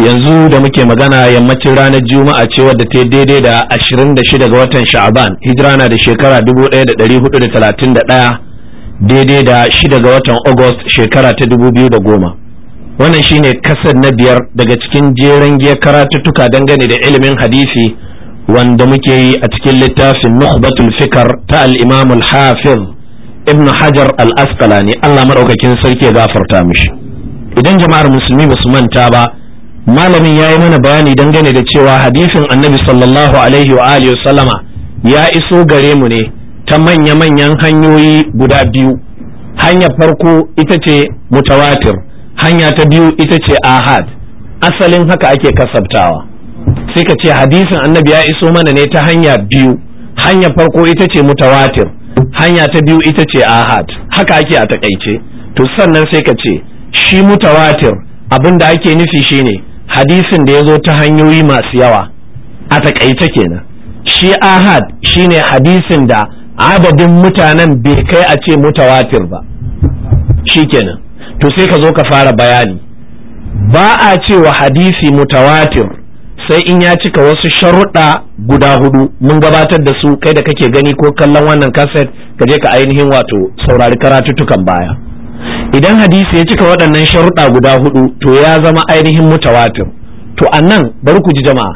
yanzu da muke magana yammacin ranar juma'a ce wadda ta daidai da 26 ga watan sha'aban hijira na da shekara 1431 daidai da 6 ga watan august shekara ta goma. wannan shine kasar na biyar daga cikin jeren giya karatuttuka dangane da ilimin hadisi wanda muke yi a cikin littafin nukhbatul fikar ta al'imamul hafiz ibn hajar al-asqalani Allah maɗaukakin sarki ya gafarta mishi idan jama'ar musulmi ba su manta ba malamin ya yi mana bayani dangane da cewa hadisin annabi sallallahu alaihi wa alihi sallama ya iso gare mu ne ta manya-manyan hanyoyi guda biyu hanyar farko ita ce mutawatir hanya ta biyu ita ce ahad asalin haka ake kasabtawa sai ka ce hadisin annabi ya iso mana ne ta hanya biyu hanya farko ita ce mutawatir hanya ta biyu ita ce ahad haka ake a takaice to sannan sai ka ce shi mutawatir abin da ake nufi shine hadisin da ya zo ta hanyoyi masu yawa a takaice kenan shi ahad shine hadisin da adadin mutanen bai kai a ce mutawatir ba shi kenan to sai ka zo ka fara bayani ba a cewa hadisi mutawatir sai in ya cika wasu sharuɗa guda hudu mun gabatar da su kai da kake gani ko kallon wannan kaset ka je ka ainihin wato saurari karatuttukan baya idan hadisi ya cika waɗannan sharuɗa guda hudu to ya zama ainihin mutawatir to annan bari ku ji jama'a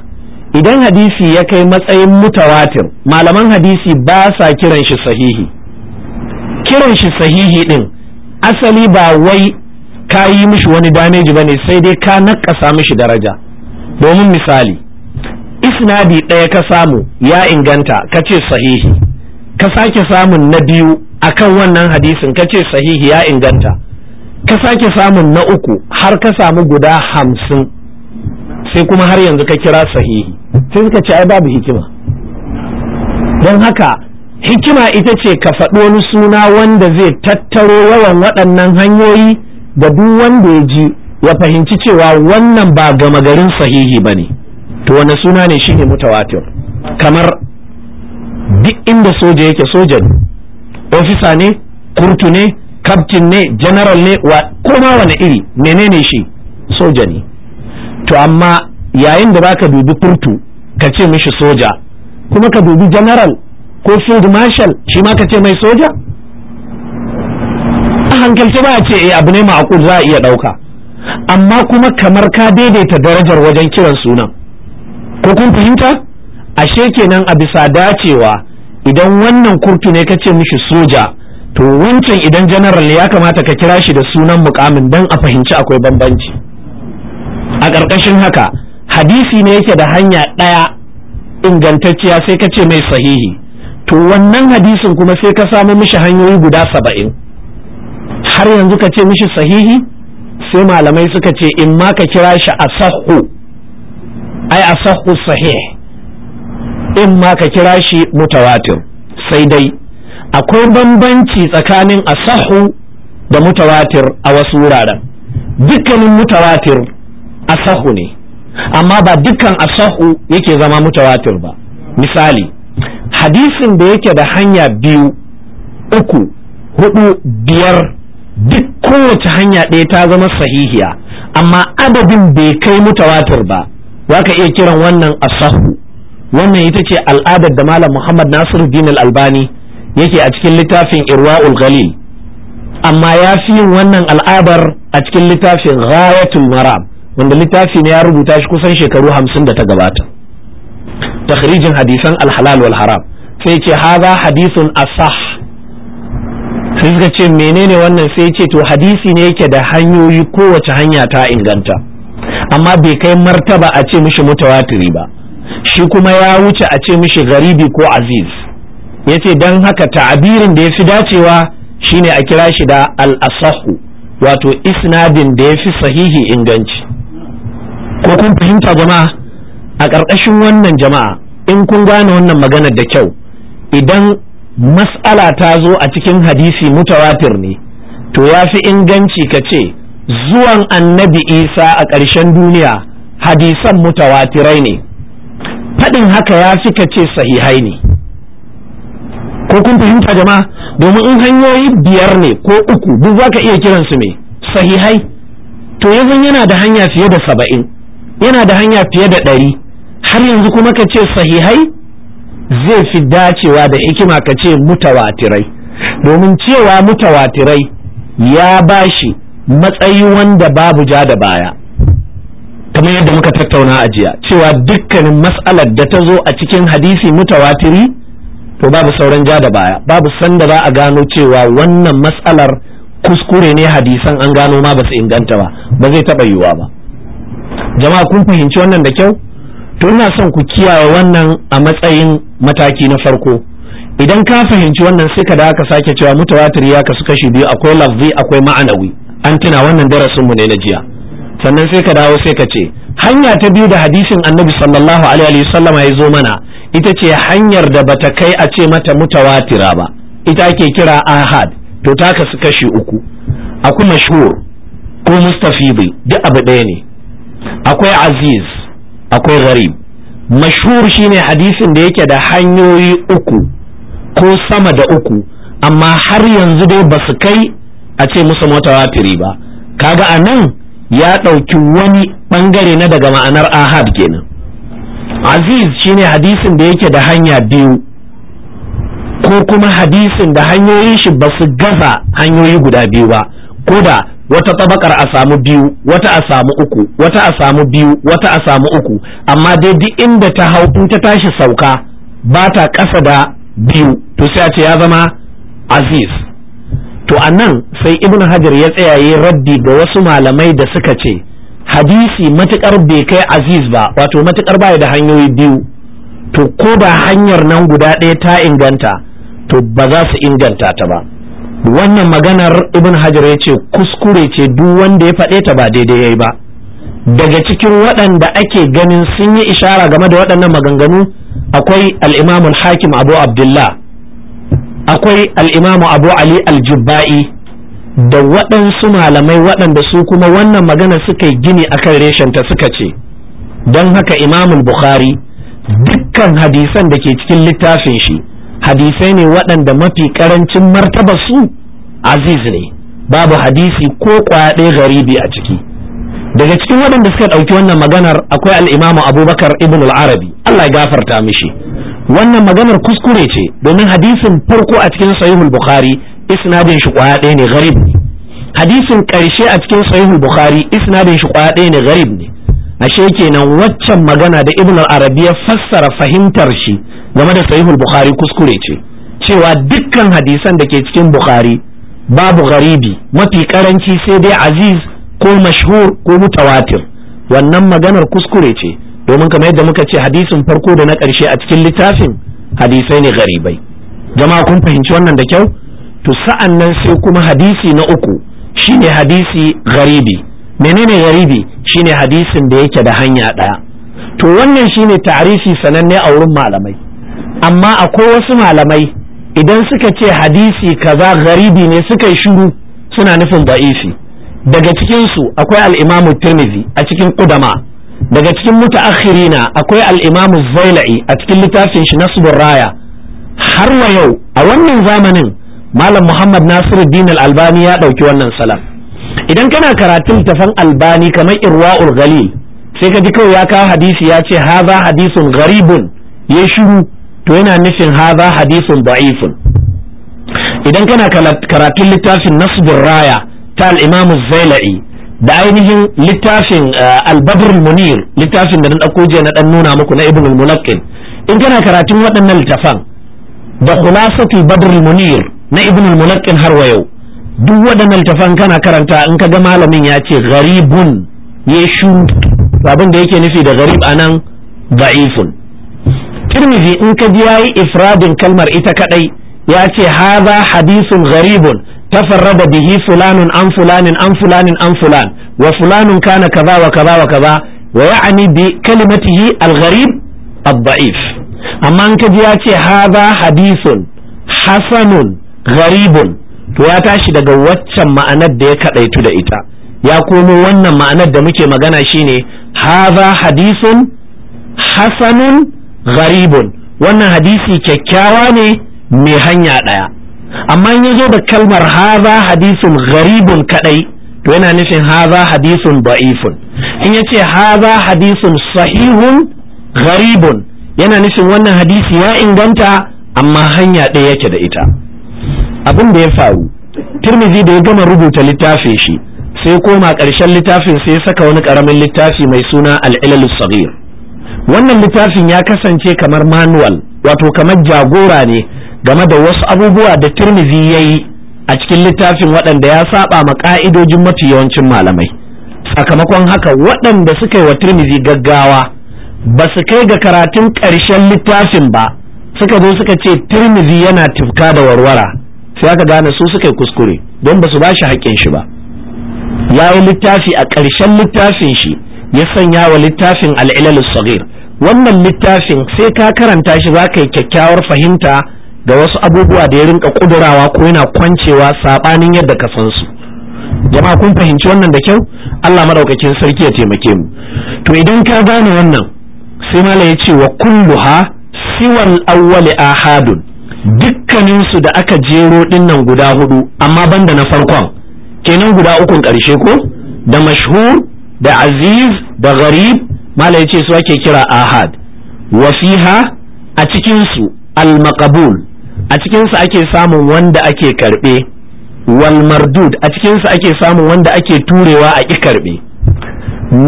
idan hadisi ya kai matsayin mutawatir malaman hadisi ba sa kiran shi sahihi kiran shi sahihi ɗin asali ba wai ka yi mishi wani dameji ba ne sai dai ka nakasa mishi daraja domin misali isnadi ɗaya ka samu ya inganta ka ce sahihi ka sake samun na biyu akan wannan hadisin ka ce sahihi ya inganta ka sake samun na uku har ka samu guda hamsin sai kuma har yanzu ka kira sahihi sai suka ce ai babu hikima don haka hikima ita ce ka faɗo wani suna wanda zai tattaro yawan waɗannan hanyoyi da duk wanda ya ji ya fahimci cewa wannan ba gama garin sahihi ba ne to wani suna ne shine mutawatir kamar duk inda soja yake soja ofisa ne kurtu ne kaftin ne general ne wa koma wani iri menene shi soja ne to amma yayin da baka dubi kurtu ka ce mishi soja kuma ka dubi general ko field marshal shi ma ka ce mai soja a hankalci ba a ce eh abu ne ma'akul za a iya ɗauka amma kuma kamar ka daidaita darajar wajen kiran sunan ko kun fahimta ashe kenan a bisa dacewa idan wannan kurtu ne kace mishi soja to wancan idan general ya kamata ka kira shi da sunan mukamin dan a fahimci akwai bambanci a ƙarƙashin haka hadisi ne yake da hanya ɗaya ingantacciya sai ka ce mai sahihi to wannan hadisin kuma sai ka samu mishi hanyoyi guda saba'in har yanzu ka ce mishi sahihi sai malamai suka ce in ma ka kira shi sahu, ai sahu sahih in ma ka kira shi mutawatir sai dai akwai bambanci tsakanin asahu da mutawatir a wasu wuraren dukkanin mutawatir asahu ne amma ba dukkan asahu yake zama mutawatir ba misali hadisin da yake da hanya biyu uku hudu biyar duk kowace hanya ɗaya ta zama sahihiya amma adadin bai kai mutawatir ba za ka iya kiran wannan asahu wannan ita ce al'adar da malam muhammad nasiru din albani yake a cikin littafin irwa'ul ghalil amma ya fi yin wannan al'adar a cikin littafin ghayatul maram wanda littafi ne ya rubuta shi kusan shekaru hamsin da ta gabata takhrijin hadisan alhalal wal haram sai ce haza hadisun asah sai suka ce menene wannan sai ce to hadisi ne yake da hanyoyi kowace hanya ta inganta amma bai kai martaba a ce mishi mutawatiri ba shi kuma ya wuce a ce mishi garibi ko aziz ya ce don haka ta'abirin da ya fi dacewa shine a kira shi da al wato isnadin da ya fi sahihi inganci ko kun fahimta jama'a a ƙarƙashin wannan jama'a in kun gane wannan maganar da kyau idan mas'ala ta zo a cikin hadisi mutawatir ne to ya fi inganci ka ce zuwan annabi isa a ƙarshen duniya hadisan mutawatirai ne faɗin haka ya fi ka ce sahihai ne ko kun fahimta jama'a domin in hanyoyi biyar ne ko uku duk za ka iya kiransu me sahihai to yanzu yana da hanya fiye da saba'in yana da hanya fiye da ɗari har yanzu kuma ka ce sahihai zai fi dacewa da hikima ka ce mutawatirai domin cewa mutawatirai ya bashi matsayi wanda babu ja da baya kamar yadda muka tattauna a jiya cewa dukkanin mas'alar da ta zo a cikin hadisi mutawatiri to babu sauran ja da baya babu sanda za a gano cewa wannan mas'alar kuskure ne hadisan an gano ma ba su inganta ba ba zai taɓa yiwuwa ba jama'a kun fahimci wannan da kyau to ina son ku kiyaye wannan a matsayin mataki na farko idan ka fahimci wannan sai ka da aka sake cewa mutawatiri ya kasu kashi biyu akwai lafzi akwai ma'anawi an tuna wannan darasin mu ne na jiya sannan sai ka dawo sai ka ce hanya ta biyu da hadisin annabi sallallahu alaihi sallam ya zo mana ita ce hanyar da bata kai a ce mata mutawatira ba ita ake kira ahad to ta kasu kashi uku akwai mashhur ko mustafidi duk abu ɗaya ne akwai aziz akwai gharib mashhur shine hadisin da yake da hanyoyi uku ko sama da uku amma har yanzu dai ba su kai a ce musu mutawatiri ba kaga a nan ya ɗauki wani ɓangare na daga ma'anar ahad kenan aziz shine hadisin da yake da hanya biyu ko kuma hadisin da hanyoyin shi ba su gaza hanyoyi guda biyu ba ko da wata tabakar a samu biyu wata a samu uku wata a samu biyu wata a samu uku amma dai duk inda ta hau in ta tashi sauka ba ta ƙasa da biyu to sai a ce ya zama aziz to a nan sai ibn hajar ya tsaya yi raddi ga wasu malamai da suka ce hadisi matukar bai kai aziz ba wato matukar baya da hanyoyi biyu to ko da hanyar nan guda ɗaya ta inganta to ba za su inganta ta ba wannan maganar ibn hajar ya ce kuskure ce duk wanda ya faɗe ta ba daidai ya yi ba daga cikin waɗanda ake ganin sun yi ishara game da waɗannan maganganu akwai Al'imamin hakim abu abdullah akwai al'imamu abu ali aljubba'i da waɗansu malamai waɗanda su kuma wannan magana suka yi gini kan reshenta suka ce don haka imamun bukhari dukkan hadisan da ke cikin littafin shi hadisai ne waɗanda mafi ƙarancin martaba su aziz ne babu hadisi ko ɗaya garibi a ciki daga cikin waɗanda suka ɗauki wannan maganar akwai al'imamu abubakar ibn al allah ya gafarta mishi wannan maganar kuskure ce domin hadisin farko a cikin sahihul bukhari isnadin shi kwaya ɗaya ne garib ne hadisin ƙarshe a cikin sahihul bukhari isnadin shi kwaya ɗaya ne garib ne ashe kenan waccan magana da ibn al-arabi ya fassara fahimtar shi game da sahihul bukhari kuskure ce cewa dukkan hadisan da ke cikin bukhari babu garibi mafi karanci sai dai aziz ko mashhur ko mutawatir wannan maganar kuskure ce domin kamar yadda muka ce hadisin farko da na ƙarshe a cikin littafin hadisai ne garibai jama'a kun fahimci wannan da kyau to sa'an nan sai kuma hadisi na uku shine hadisi garibi menene garibi shine hadisin da yake da hanya ɗaya to wannan shine tarihi sananne a wurin malamai amma akwai wasu malamai idan suka ce hadisi kaza garibi ne suka yi shuru suna nufin da'ifi daga cikinsu akwai al'imamu tirmidhi a cikin kudama daga cikin mutaakhirina akwai al-imam zailai a cikin littafin shi nasbur raya har wa yau a wannan zamanin malam muhammad nasiruddin al-albani ya dauki wannan salaf idan kana karatun tafan albani kamar irwa'ul galil sai ka ji kawai ya kawo hadisi ya ce haza hadisun garibun ya shiru to yana nufin haza hadisun da'ifun idan kana karatun littafin nasbur raya ta al zailai da ainihin littafin eh, albabr munir littafin da na ɗauko jiya na ɗan nuna muku na ibn al in kana karatun waɗannan littafan da khulasatu badr munir na ibn al har wa yau duk waɗannan littafan kana karanta in ka ga malamin ya ce gharibun ya abin da yake nufi da gharib anan da'ifun tirmidhi in ka ji yayi ifradin kalmar ita kadai ya ce hadha hadithun gharibun tafarrada bihi fulanun an fulanin an fulanin an fulan wa fulanun kana kaza wa kaza wa kaza wa ya'ani bi kalimatihi al-gharib ad amma an kaji ya ce hadha hadithun hasanun gharibun to ya tashi daga waccan ma'anar da ya kadaitu da ita ya komo wannan ma'anar da muke magana shine haza hadithun hasanun gharibun wannan hadisi kyakkyawa ne mai hanya ɗaya amma in ya zo da kalmar haza hadisun gharibun kadai to yana nufin haza hadisun da'ifun in ya ce haza hadisun sahihun gharibun yana nufin wannan hadisi ya inganta amma hanya ɗaya yake da ita abin da ya faru tirmizi da ya gama rubuta littafin shi sai koma ƙarshen littafin sai saka wani ƙaramin littafi mai suna Al al'ilal sagir wannan littafin ya kasance kamar manual wato kamar jagora ne game da wasu abubuwa da tirmizi ya yi a cikin littafin waɗanda ya saba ma ƙa'idojin mafi yawancin malamai sakamakon haka waɗanda suka yi wa tirmizi gaggawa ba su kai ga karatun ƙarshen littafin ba suka zo suka ce tirmizi yana tifka da warwara sai aka gane su suka yi kuskure don ba su ba shi haƙƙin shi ba ya yi littafi a ƙarshen littafin shi ya sanya wa littafin al'ilalus sagir wannan littafin sai ka karanta shi za ka yi kyakkyawar fahimta da wasu abubuwa da ya rinka kudurawa ko yana kwancewa sabanin yadda ka san su jama'a kun fahimci wannan da kyau Allah madaukakin sarki ya taimake mu to idan ka gane wannan sai mala ya ce wa kulluha siwal awwali ahadun dukkanin su da aka jero dinnan guda hudu amma banda na farkon kenan guda ukun karshe ko da mashhur da aziz da gharib mala ya ce su ake kira ahad wa fiha a cikin su al maqbul a cikinsa ake samun wanda ake karɓe wal mardud a cikinsa ake samun wanda ake turewa a ƙi karɓe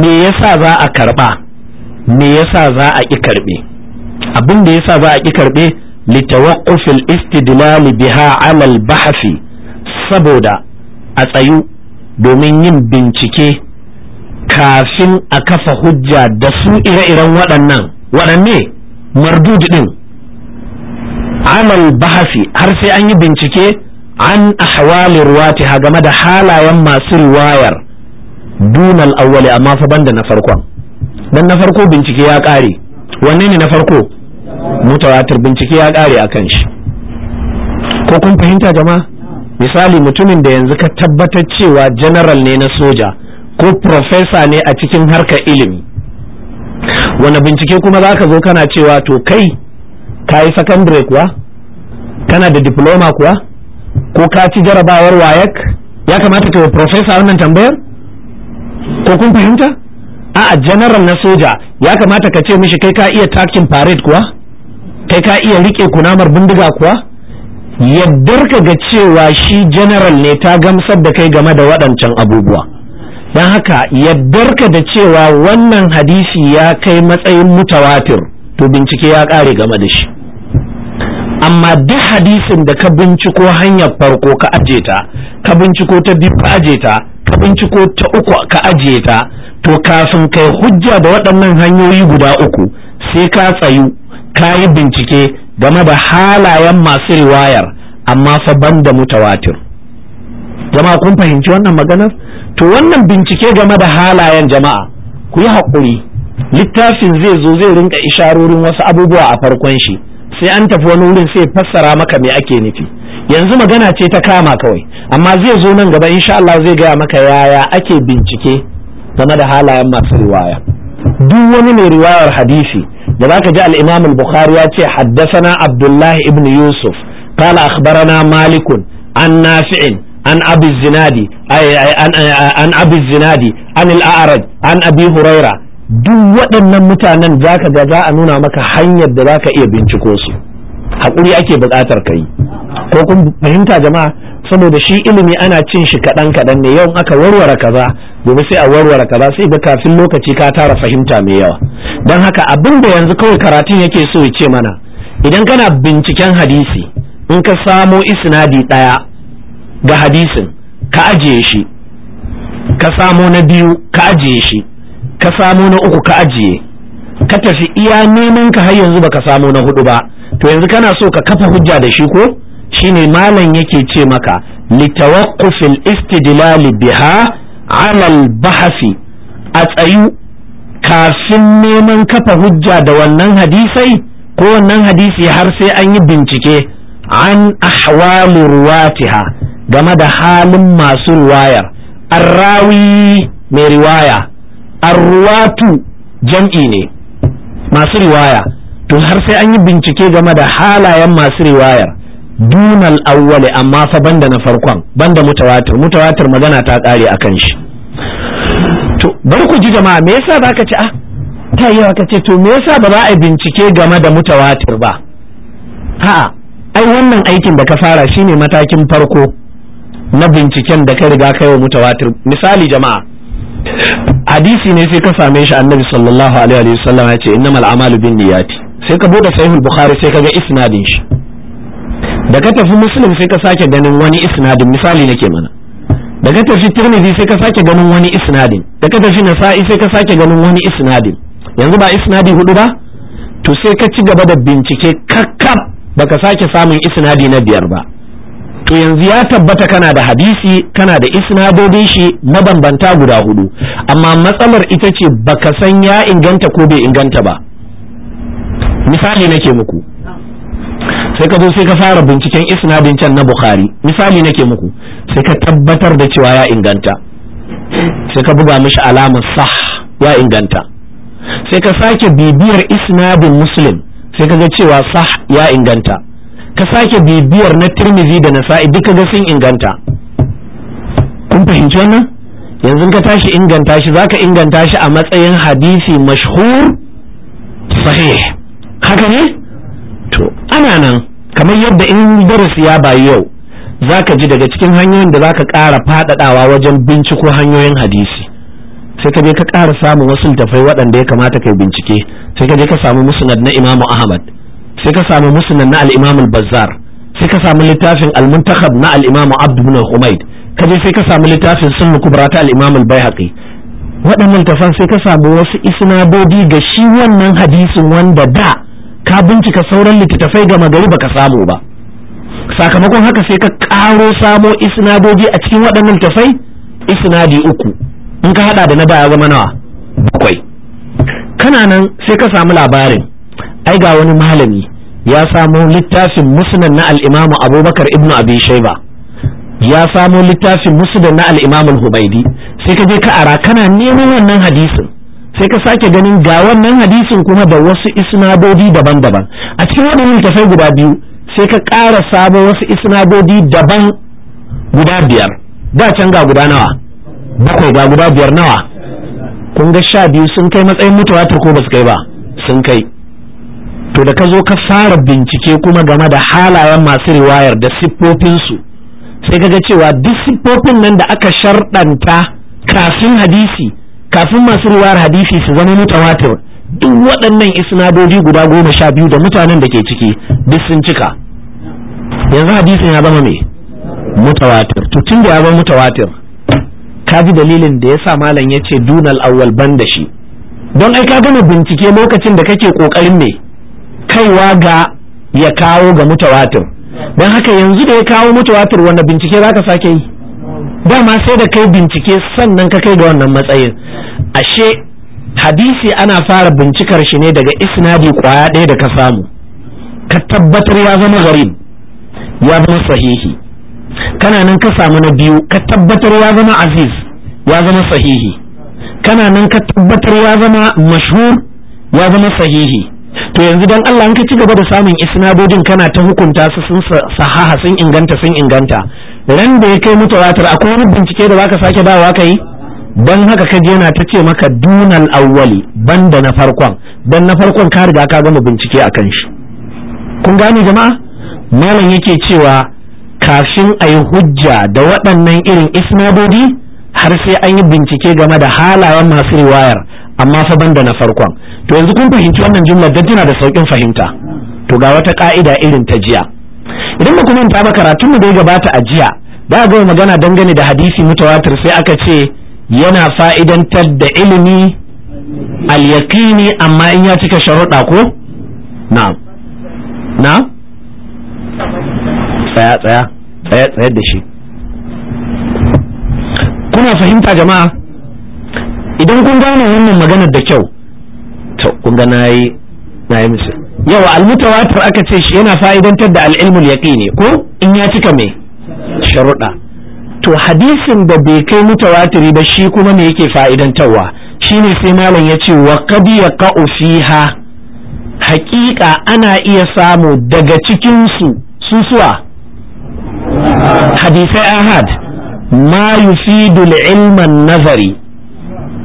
me yasa za a karɓa me yasa za a ƙi karɓe abin da yasa za a ƙi karɓe litawaqqufil istidlal biha amal bahfi saboda a tsayu domin yin bincike kafin a kafa hujja da su ire-iren waɗannan waɗanne mardud ɗin amal bahasi har sai an yi bincike an ahwali ha game da halayen masu riwayar dunal awwali amma fa banda na farkon dan na farko bincike ya kare wanne ne na farko mutawatir bincike ya kare akan shi ko kun fahimta jama'a misali mutumin da yanzu ka tabbatar cewa general ne na soja ko profesa ne a cikin harkar ilimi wani bincike kuma za ka zo kana cewa to kai ka yi secondary kuwa kana da diploma kuwa ko ka ci jarabawar wayak ya kamata ka yi professor wannan tambayar ko kun fahimta a'a general na soja ya kamata ka ce mishi kai ka iya takin parade kuwa kai ka iya rike kunamar bindiga kuwa ka ga cewa shi general ne ta gamsar da kai game da waɗancan abubuwa don haka ka da cewa wannan hadisi ya kai matsayin mutawatir to bincike ya kare game da shi amma duk hadisin da ka binciko hanyar farko ka aje ta ka binciko ta biyu ka aje ta ka binciko ta uku ka aje ta to kafin kai hujja da waɗannan hanyoyi guda uku sai ka tsayu ka yi bincike game da halayen masu riwayar amma fa ban da mutawatir jama'a kun fahimci wannan maganar to wannan bincike game da halayen jama'a ku yi haƙuri littafin zai zo zai rinka isharorin wasu abubuwa a farkon shi sai an tafi wani wurin sai fassara maka me ake nufi yanzu magana ce ta kama kawai amma zai zo nan gaba insha Allah zai gaya maka yaya ake bincike game da halayen masu riwaya duk wani mai riwayar hadisi da zaka ji al-Imam al-Bukhari ya ce haddathana Abdullah ibn Yusuf qala akhbarana Malik an an عن zinadi الزنادي أي عن an الزنادي عن الأعرج an abi هريرة duk waɗannan mutanen za ka ga za a nuna maka hanyar da za ka iya binciko su haƙuri ake buƙatar ka yi ko kun fahimta jama'a saboda shi ilimi ana cin shi kaɗan kaɗan ne yau aka warware kaza gobe sai a warware kaza sai ga kafin lokaci ka tara fahimta mai yawa don haka abin da yanzu kawai karatun yake so ya ce mana idan kana binciken hadisi in ka samo isnadi ɗaya ga hadisin ka ajiye shi ka samo na biyu ka ajiye shi ka samu na uku ka ajiye ka tafi iya neman ka har yanzu baka samu na hudu ba to yanzu kana so ka kafa hujja da shi ko shine malam yake ce maka tawaqqufil istidlal biha ala al bahasi a tsayu kafin neman kafa hujja da wannan hadisai ko wannan hadisi har sai an yi bincike an ahwalu ruwatiha game da halin masu ruwayar arrawi mai riwaya Arwatu jam'i ne masu riwaya to har sai an yi bincike game da halayen masu riwayar dunal awwali amma fa banda na farkon banda mutawatir mutawatir magana ta kare akan shi to bari ku ji jama'a me yasa ka ce ah ta yi ka ce to me yasa ba za a bincike game da mutawatir ba a'a ai wannan aikin da ka fara shine matakin farko na binciken da ka riga kai wa mutawatir misali jama'a hadisi ne sai ka same shi annabi sallallahu alaihi wa sallam ya ce innamal a'malu bin Niyati. sai ka bude sahihul bukhari sai ka ga isnadin shi da ka tafi muslim sai ka sake ganin wani isnadin misali nake mana da ka tafi tirmidhi sai ka sake ganin wani isnadin da ka tafi nasa'i sai ka sake ganin wani isnadin yanzu ba isnadi hudu ba to sai ka ci gaba da bincike kakkab baka sake samun isnadi na biyar ba to yanzu ya tabbata kana da hadisi kana da isnadodin shi mabambanta guda hudu amma matsalar ita ce baka san ya inganta ko bai inganta ba misali nake muku sai ka zo sai ka fara binciken isnadin can na bukhari misali nake muku sai ka tabbatar da cewa ya inganta sai ka buga mishi alamar sah ya inganta sai ka sake bibiyar isnadin muslim sai ka ga cewa sah ya inganta ka sake bibiyar na tirmizi da nasa'i duka ga sun inganta kun fahimci wannan yanzu ka tashi inganta shi zaka inganta shi a matsayin hadisi mashhur sahih haka ne to ana nan kamar yadda in darasi ya bayi yau zaka ji daga cikin hanyoyin da zaka ƙara faɗaɗawa wajen binciko hanyoyin hadisi sai ka je ka ƙara samun wasu littafai waɗanda ya kamata ka bincike sai ka je ka samu musnad na imamu ahmad sai ka samu musnad na al al-bazzar sai ka samu littafin al-muntakhab na al-imam abd ibn humayd ka je sai ka samu littafin sunnu kubra ta al-imam al-baihaqi waɗannan tafan sai ka samu wasu isnadodi ga shi wannan hadisin wanda da ka bincika sauran littattafai ga magari baka samu ba sakamakon haka sai ka ƙaro samo isnadodi a cikin waɗannan tafai isnadi uku in ka hada da na baya zama nawa bakwai kana nan sai ka samu labarin ai ga wani malami ya samo littafin musnad na al-imamu abubakar ibn abi Shayba ya samo littafin musnad na al imam al-hubaidi sai ka je ka ara kana neman wannan hadisin sai ka sake ganin ga wannan hadisin kuma da wasu isnadodi daban-daban a cikin waɗannan littafai guda biyu sai ka ƙara sabo wasu isnadodi daban guda biyar da can ga guda nawa bakwai ga guda biyar nawa kun ga sha biyu sun kai matsayin mutuwa ko ba su kai ba sun kai to da ka zo ka fara bincike kuma game da halayen masu riwayar da siffofinsu sai ka ga cewa duk siffofin nan da aka sharɗanta kafin hadisi kafin masu riwayar hadisi su zama mutawatir duk waɗannan isnadodi guda goma sha biyu da mutanen da ke ciki duk sun cika yanzu hadisin ya zama mai mutawatir to tun da ya zama mutawatir ka ji dalilin da ya sa malam ya ce dunal awwal ban da shi don ai ka gama bincike lokacin da kake kokarin ne kaiwa ga ya kawo ga mutawatir don haka yanzu da ya kawo mutawatir wanda bincike za ka sake yi dama sai da kai bincike sannan ka kai ga wannan matsayin ashe hadisi ana fara bincikar shi ne daga isnadi kwaya ɗaya da ka samu ka tabbatar ya zama gharib ya zama sahihi kana nan ka samu na biyu ka tabbatar ya zama aziz ya zama sahihi kana nan ka tabbatar ya zama mashhur ya zama sahihi to yanzu don Allah in ka ci gaba da samun isnadodin kana ta hukunta su sun sahaha sun inganta sun inganta ran da ya kai watar akwai wani bincike da zaka sake dawowa kai dan haka ka je na ta ce maka dunan awwali banda na farkon dan na farkon ka riga ka gama bincike akan shi kun gane jama'a malam yake cewa kafin a yi hujja da waɗannan irin isnadodi har sai an yi bincike game da halayen masu riwayar amma fa banda na farkon to yanzu kun fahimci wannan jumla da tana da saukin fahimta to ga wata ka'ida irin ta jiya idan ba ku manta ba karatun mu dai gabata a jiya da ga magana dangane da hadisi mutawatir sai aka ce yana fa'idantar da ilimi al-yaqini amma in ya cika sharuɗa ko na'am na'am tsaya tsaya tsaya tsayar da shi kuna fahimta jama'a idan kun gane wannan magana da kyau to kun ga nayi nayi musu yawa almutawatir aka ce shi yana fa'idantar da al'ilmul yaqini ko in ya cika me sharuɗa to hadisin da bai kai mutawatiri ba shi kuma me yake fa'idantarwa shine sai malam ya ce wa qad yaqa'u fiha haƙiƙa ana iya samu daga cikin su susuwa hadisai ahad ma yufidu ilman nazari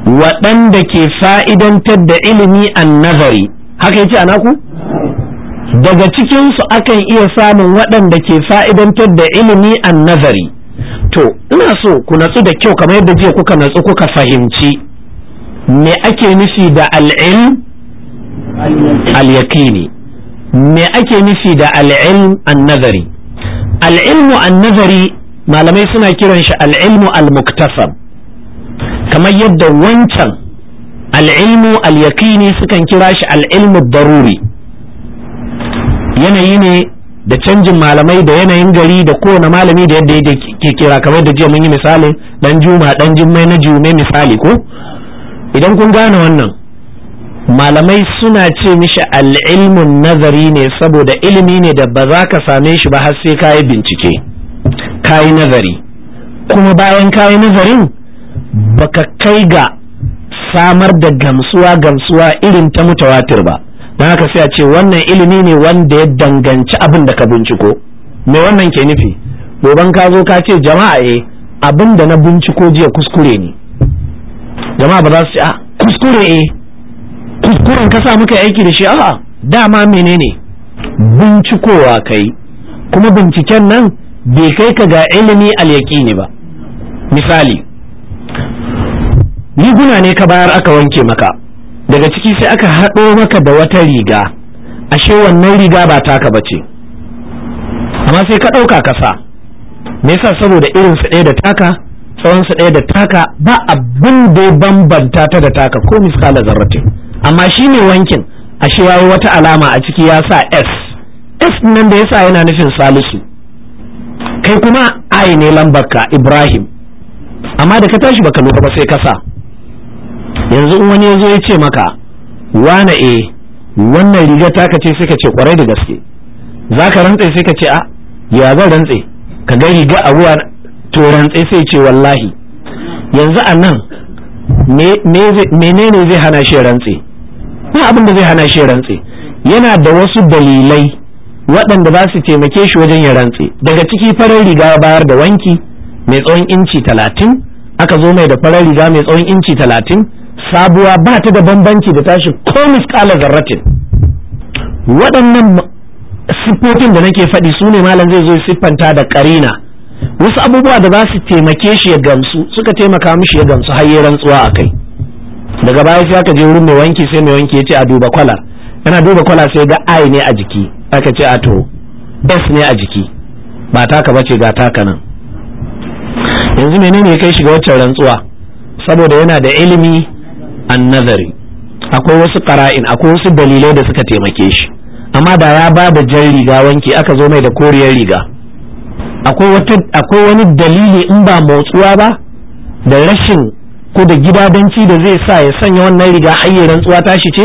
waɗanda ke fa'idantar da ilimi an nazari haka yace ana ku daga cikinsu akan iya samun waɗanda ke fa'idantar da ilimi an nazari to ina so ku natsu da kyau kamar yadda jiya kuka natsu kuka fahimci me ake nufi da al’il al'yaki ne? me ake nufi da al’il an-nazari al'ilmu an-nazari malamai suna kiran shi al'ilmu al-muktasab kamar yadda wancan al'ilmu al sukan kira shi al'ilmu daruri yanayi ne da canjin malamai da yanayin gari da kowane malami da yadda ya ke kira kamar da jiya mun yi misali dan juma dan jimmai na jume misali ko idan kun gane wannan malamai suna ce mishi al'ilmun nazari ne saboda ilimi ne da ba za ka same shi ba har sai ka yi bincike ka yi nazari kuma bayan ka yi nazarin baka kai ga samar da gamsuwa gamsuwa irin ta mutawatir ba don haka sai a ce wannan ilimi ne wanda ya danganci abin da ka binciko me wannan ke nufi goban ka zo ka ce jama'a e abin da na binciko jiya kuskure ne jama'a ba za su ce a ah, kuskure e? kuskuren ka sa muka aiki da shi a? dama menene bincikowa kai kuma binciken nan bai kai ka ga ilimi al ba misali riguna ne ka bayar aka wanke maka daga ciki sai aka haɗo maka da wata riga ashe wannan riga ba taka bace amma sai ka ɗauka kasa sa me yasa saboda irin su ɗaya da taka tsawon su ɗaya da taka ba abin da ya bambanta ta da taka ko miskala zarratin amma shi ne wankin ashe yayi wata alama a ciki ya sa s s nan da ya sa yana nufin salisu kai kuma ai ne lambarka ibrahim amma da ka tashi baka lura ba sai ka sa yanzu in wani ya zo ya ce maka wane e wannan riga ta ce sai ce kwarai da gaske za ka rantse sai ka ce a ah, ya zan rantse ka ga riga a ruwa to rantse sai ce wallahi yanzu a nan menene zai hana shi rantse ba abin da zai hana shi rantse yana da wasu dalilai waɗanda za su taimake shi wajen ya rantse daga ciki farar riga bayar da wanki mai tsawon inci talatin aka zo mai da farar riga mai tsawon inci talatin sabuwa ba ta da bambanci da tashi komis kala zarratin waɗannan siffofin da nake faɗi su ne malam zai zo siffanta da karina wasu abubuwa da za su taimake shi ya gamsu suka taimaka mishi ya gamsu har yi rantsuwa a kai daga baya sai aka je wurin mai wanki sai mai wanki ya ce a duba kwala yana duba kwala sai ga ai ne a jiki aka ce a to bas ne a jiki ba taka bace ga taka nan yanzu menene ya kai shiga wancan waccan rantsuwa saboda yana da ilimi annazari nazari akwai wasu ƙara'in akwai wasu dalilai da suka taimake shi amma da ya ba da jan riga wanki aka zo mai da koriyar riga akwai wani dalili in ba motsuwa ba da rashin ko da gidadanci da zai sa ya sanya wannan riga ya rantsuwa tashi ce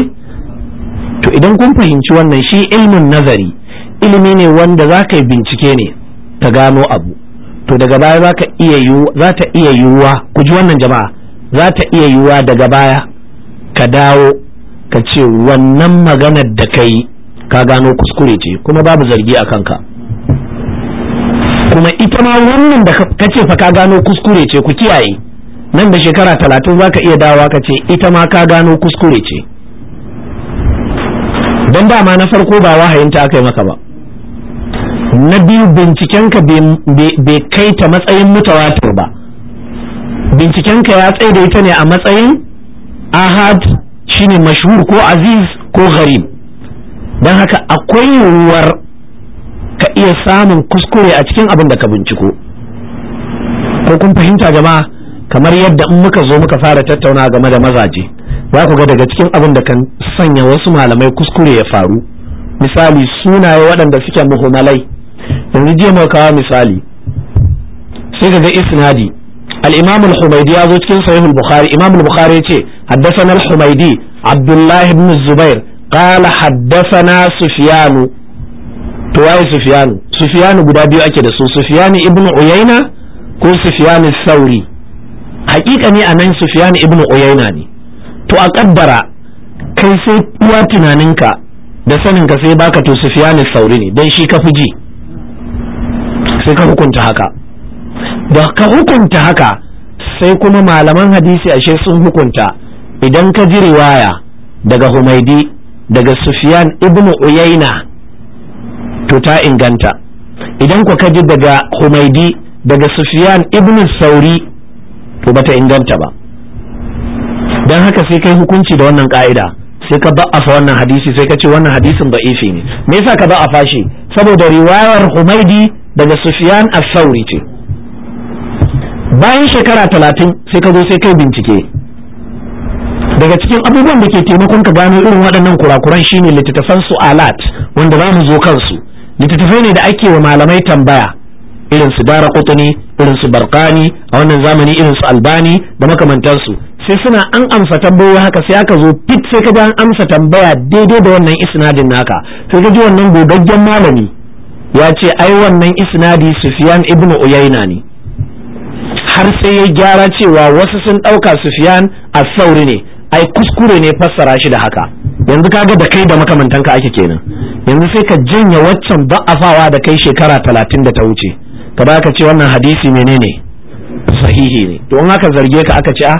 to idan kun fahimci wannan shi ilmin nazari ilimi ne wanda za ka bincike ne ta gano abu to daga baya za ta iya yiwuwa ku ji wannan jama'a za ta iya yiwuwa daga baya ka dawo ka ce wannan maganar da ka yi ka gano kuskure ce kuma babu zargi a kanka kuma ita ma wannan da ka ce fa ka gano kuskure ce ku kiyaye nan da shekara talatin za ka iya dawa ka ce ita ma ka gano kuskure ce don dama na farko ba wahayinta aka yi maka ba na biyu bincikenka bai kai ta matsayin mutawatir ba bincikenka ya tsaye da ita ne a matsayin ahad shine mashhur ko aziz ko gharib don haka akwai yiwuwar ka iya samun kuskure a cikin abin da ka binciko ko kun fahimta jama'a kamar yadda in muka zo muka fara tattauna game da mazaje za ku ga daga cikin abin da kan sanya wasu malamai kuskure ya faru misali sunaye waɗanda suke muhumalai yanzu muka kawo misali sai ga ga isnadi al-imam al ya zo cikin sahih al-bukhari imam ya ce yace haddathana Abdullahi humaydi abdullah ibn zubair qala haddathana sufyan to wai sufyan sufyan guda biyu ake da su sufyan ibn uyayna ko A al-thawri haƙiƙani anan sufyan ibn uyayna ne to a ƙabbara kai sai uwa tunaninka da saninka sai baka to sufyan sauri ne dan shi ka fi ji sai ka hukunta haka da ka hukunta haka sai kuma malaman hadisi ashe sun hukunta idan ka ji riwaya daga humaidi daga sufyan Ibn uyaina to ta inganta idan ku ka ji daga humaidi daga sufyan Ibn sauri to bata inganta ba don haka sai kai hukunci da wannan ka'ida sai ka ba'afa wannan hadisi sai ka ce wannan hadisin ba'ifi ne me yasa ka ba'afa shi saboda riwayar humaidi daga Sufiyan as-sauri ce bayan shekara talatin sai ka zo sai kai bincike daga cikin abubuwan da ke taimakon ka gano irin waɗannan kurakuran shine littattafan alat, wanda za mu zo kansu littattafai ne da ake wa malamai tambaya irin su dara kutuni irin su barkani a wannan zamani irin su albani da makamantansu sai suna an amsa tambayoyi haka sai aka zo fit sai ka ji an amsa tambaya daidai da wannan isnadin naka sai ka ji wannan gogaggen malami ya ce ai wannan isnadi sufyan ibnu uyaina ne har sai ya gyara cewa wasu sun ɗauka sufiyan a sauri ne ai kuskure ne fassara shi da haka yanzu kaga da kai da makamantanka ake kenan yanzu sai ka janye waccan ba'afawa da kai shekara talatin da ta wuce ka ba ka ce wannan hadisi menene sahihi ne to in aka zarge ka aka ce a ah,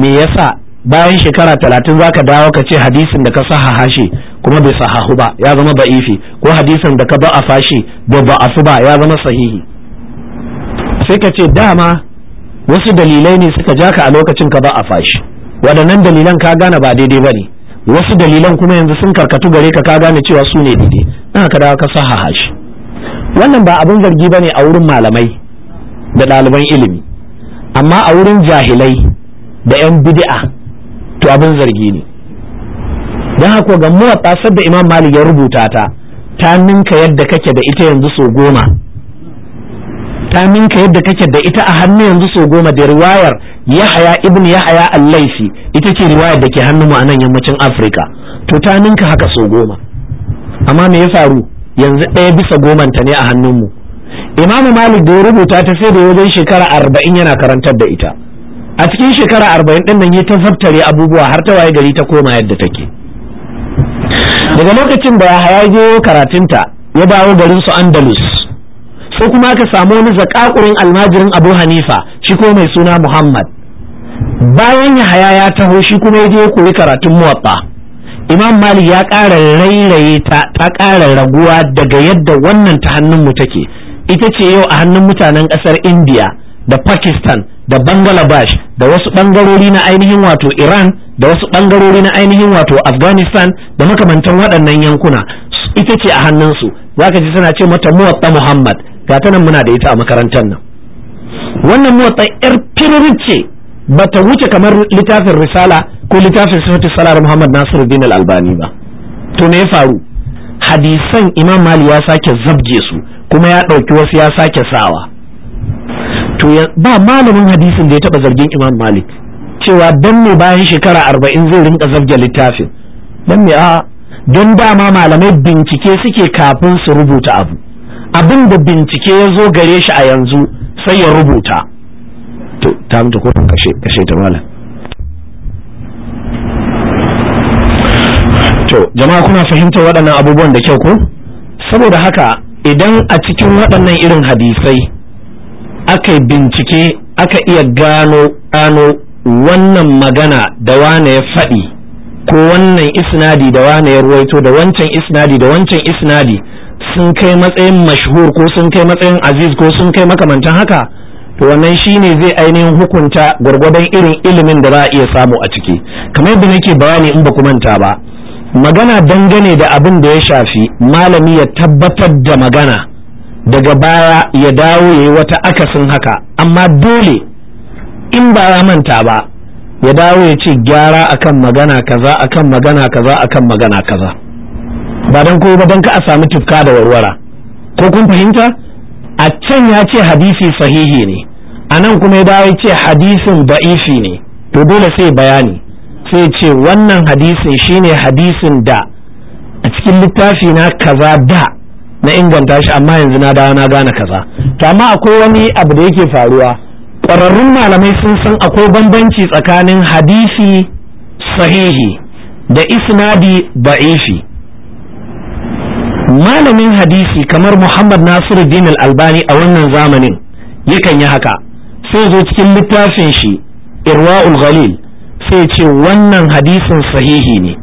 me yasa bayan shekara talatin za ka dawo ka ce hadisin da ka sahaha shi kuma bai sahahu ba ya zama ba'ifi ko hadisin da ka ba'afa shi ba ba'afu ba ya zama sahihi sai ka ce dama wasu dalilai ne suka ja ka a lokacin ka ba a fashi waɗannan dalilan ka gane ba daidai ba ne wasu dalilan kuma yanzu sun karkatu gare ka ka gane cewa su ne daidai na ka dawo ka saha shi wannan ba abin zargi ba ne a wurin malamai da ɗaliban ilimi amma a wurin jahilai da 'yan bid'a to abin zargi ne don haka ga muwatta da imam malik ya rubuta ta ta ninka yadda kake da ita yanzu sau goma kaminka yadda kake da ita a hannu yanzu so goma da riwayar yahaya ibn yahaya al ita ce riwayar da ke hannu mu a nan yammacin afirka to ta ninka haka so goma amma me ya faru yanzu ɗaya bisa goman ta ne a hannun mu imamu malik da ya rubuta ta sai da wajen shekara arba'in yana karantar da ita a cikin shekara arba'in ɗin nan ya ta abubuwa har ta waye gari ta koma yadda take daga lokacin da ya je karatunta ya dawo garin su andalus sai kuma ka samu wani zakakurin almajirin abu hanifa shi ko mai suna muhammad bayan yahaya ya taho shi kuma ya je koyi karatun muwaffa imam malik ya ƙara rairaye ta ta ƙara raguwa daga yadda wannan ta hannun mu take ita ce yau a hannun mutanen ƙasar india da pakistan da bangladesh da wasu bangarori na ainihin wato iran da wasu bangarori na ainihin wato afghanistan da makamantan waɗannan yankuna ita ce a hannunsu za ka ji suna ce mata muwatta muhammad ga ta nan muna da ita a makarantar nan wannan motsa yar firirin ce ba ta wuce kamar littafin risala ko littafin sifatu salar muhammad nasiru bin albani ba to me ya faru hadisan imam mali ya sake zabje su kuma ya ɗauki wasu ya sake sawa to ba malamin hadisin da ya taɓa zargin imam malik cewa don me bayan shekara arba'in zai rinka zabge littafin don me a don dama malamai bincike suke kafin su rubuta abu abin da bincike ya zo gare shi a yanzu sai ya rubuta to ta mutu ko kashe ta malam to jama'a kuna fahimta waɗannan abubuwan da kyau ko saboda haka idan a cikin waɗannan irin hadisai aka yi bincike aka iya gano gano wannan magana da wane ya faɗi ko wannan isnadi da wane ya ruwaito da wancan isnadi da wancan isnadi sun kai matsayin mashhur ko sun kai matsayin aziz ko sun kai makamantan haka to wannan shine zai ainihin hukunta gwargwadon irin ilimin da za a iya samu a ciki kamar yadda nake bayani in ba ku manta ba magana dangane da abin da ya shafi malami ya tabbatar da magana daga baya ya dawo ya yi wata akasin haka amma dole in ba ya manta ba ya dawo ya ce gyara akan magana kaza akan magana kaza akan magana kaza ba don koyi ba don ka a sami tufka da warwara ko kun fahimta a can ya ce hadisi sahihi ne a nan kuma ya dawo ce hadisin ba'ifi ne to dole sai bayani sai ce wannan hadisin shine hadisin da a cikin littafi na kaza da na inganta shi amma yanzu na dawo na gane kaza to amma akwai wani abu da yake faruwa ƙwararrun malamai sun san akwai bambanci tsakanin hadisi sahihi da isnadi ba'ifi malamin hadisi kamar muhammad Nasiru al-albani a wannan zamanin yakan yi haka sai zo cikin littafin shi irwa'ul ghalil sai ce wannan hadisin sahihi ne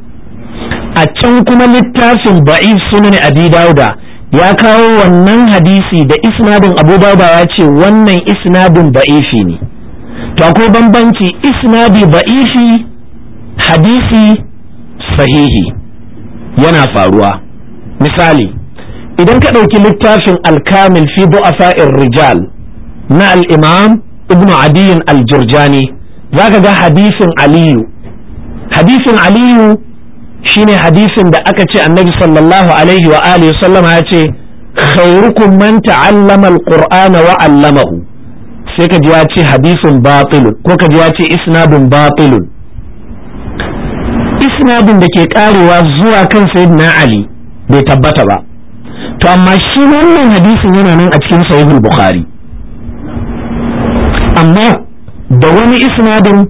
a can kuma littafin ba'if sunan abi dauda ya kawo wannan hadisi da isnadin abu dauda ya ce wannan isnadin ba'ifi ne to akwai bambanci isnadi ba'ifi hadisi sahihi yana faruwa misali idan ka ɗauki littafin alkamil fi bu'afa'ir rijal na al'imam ibn adiyin aljirjani, za ka ga hadisin aliyu hadisin aliyu shine hadisin da aka ce annabi sallallahu alaihi wa alihi sallama ya ce khairukum man ta'allama al wa 'allamahu sai ka ji ya ce hadisin batilun ko ka ji ya ce isnadun isnadin da ke karewa zuwa kan sayyidina ali bai tabbata ba to amma shi wannan hadisin yana nan a cikin sahihul bukhari amma da wani isnadin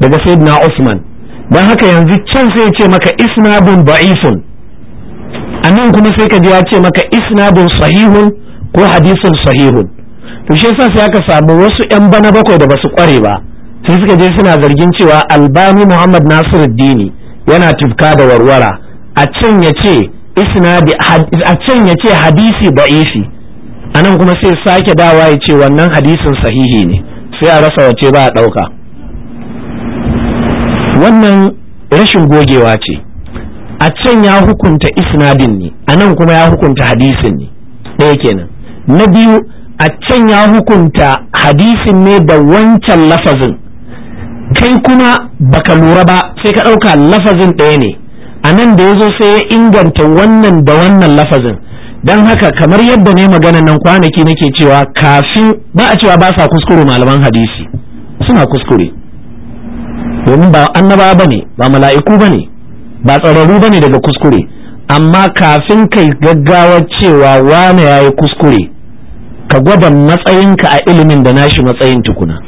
daga sayyidina usman don haka yanzu can sai ya ce maka isnadun da'ifun a nan kuma sai ka ji ya ce maka isnadun sahihun ko hadisin sahihun to shi yasa sai aka samu wasu yan bana bakwai da basu kware ba sai suka je suna zargin cewa albani muhammad nasiruddini yana tufka da warwara a can ya ce isnadi a can ya ce hadisi da'ifi a nan kuma sai sake dawa ya ce wannan hadisin sahihi ne sai a rasa wace ba a ɗauka wannan rashin gogewa ce a can ya hukunta isnadin ne a nan kuma ya hukunta hadisin ne ɗaya kenan na biyu a can ya hukunta hadisin ne da wancan lafazin kai kuma baka lura ba sai ka ɗauka lafazin ɗaya ne a nan da ya zo sai ya inganta wannan da wannan lafazin don haka kamar yadda ne magana nan kwanaki nake cewa kafin ba a cewa ba sa kuskure malaman hadisi suna kuskure domin ba annaba ba ne ba mala'iku ba ne ba tsararru ba ne daga kuskure amma kafin kai gaggawa cewa wane ya yi kuskure ka gwada matsayinka a ilimin da nashi matsayin tukuna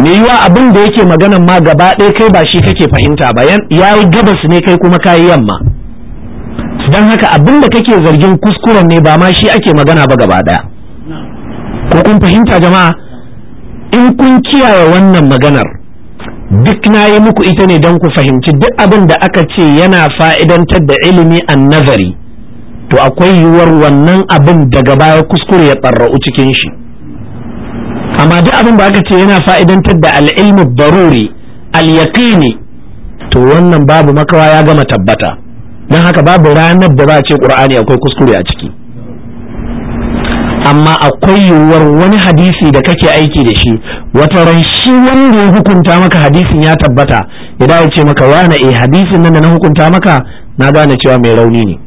me yiwa abin da yake maganan ma gaba ɗaya kai ba shi kake fahimta ba ya yi gabas ne kai kuma kayi yamma don haka abin da kake zargin kuskuren ne ba ma shi ake magana ba gaba ɗaya ko kun fahimta jama'a in kun kiyaye wannan maganar duk na yi muku ita ne don ku fahimci duk abin da aka ce yana fa'idantar da ilimi a nazari to akwai yiwuwar wannan abin daga baya kuskure ya ɓarra'u cikin shi amma duk abin ba aka ce yana fa'idantar da al'ilmu daruri al-yaqini to wannan babu makawa ya gama tabbata don haka babu ranar da za a ce qur'ani akwai kuskure a ciki amma akwai yiwuwar wani hadisi da kake aiki da shi wata ran shi wanda ya hukunta maka hadisin ya tabbata ya dawo ce maka wane eh hadisin nan da na hukunta maka na gane cewa mai rauni ne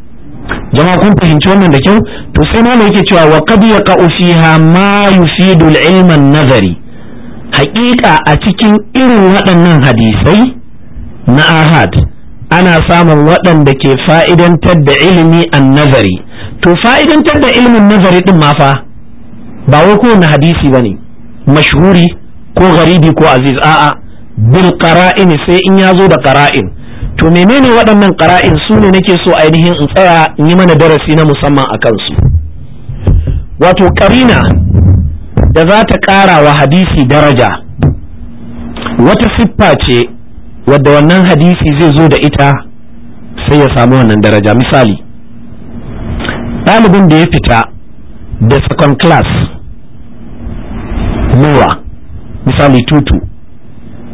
jama'a kun fahimci wannan da kyau to sai malam yake cewa wa qad yaqa'u fiha ma yusidu al-ilma an-nazari haƙiƙa a cikin irin waɗannan hadisai na ahad ana samun waɗanda ke fa'idantar da ilimi an nazari to fa'idantar da ilimin nazari ɗin ma fa ba wai kowane hadisi ba ne mashhuri ko garibi ko aziz a'a bil qara'in sai in ya zo da qara'in to menene waɗannan ƙara'in su ne nake so ainihin in tsaya in yi mana darasi na musamman a kansu wato ƙarina da za ta ƙara wa hadisi daraja wata siffa ce wadda wannan hadisi zai zo da ita sai ya samu wannan daraja misali ɗalibin da ya fita da second class nowa misali tutu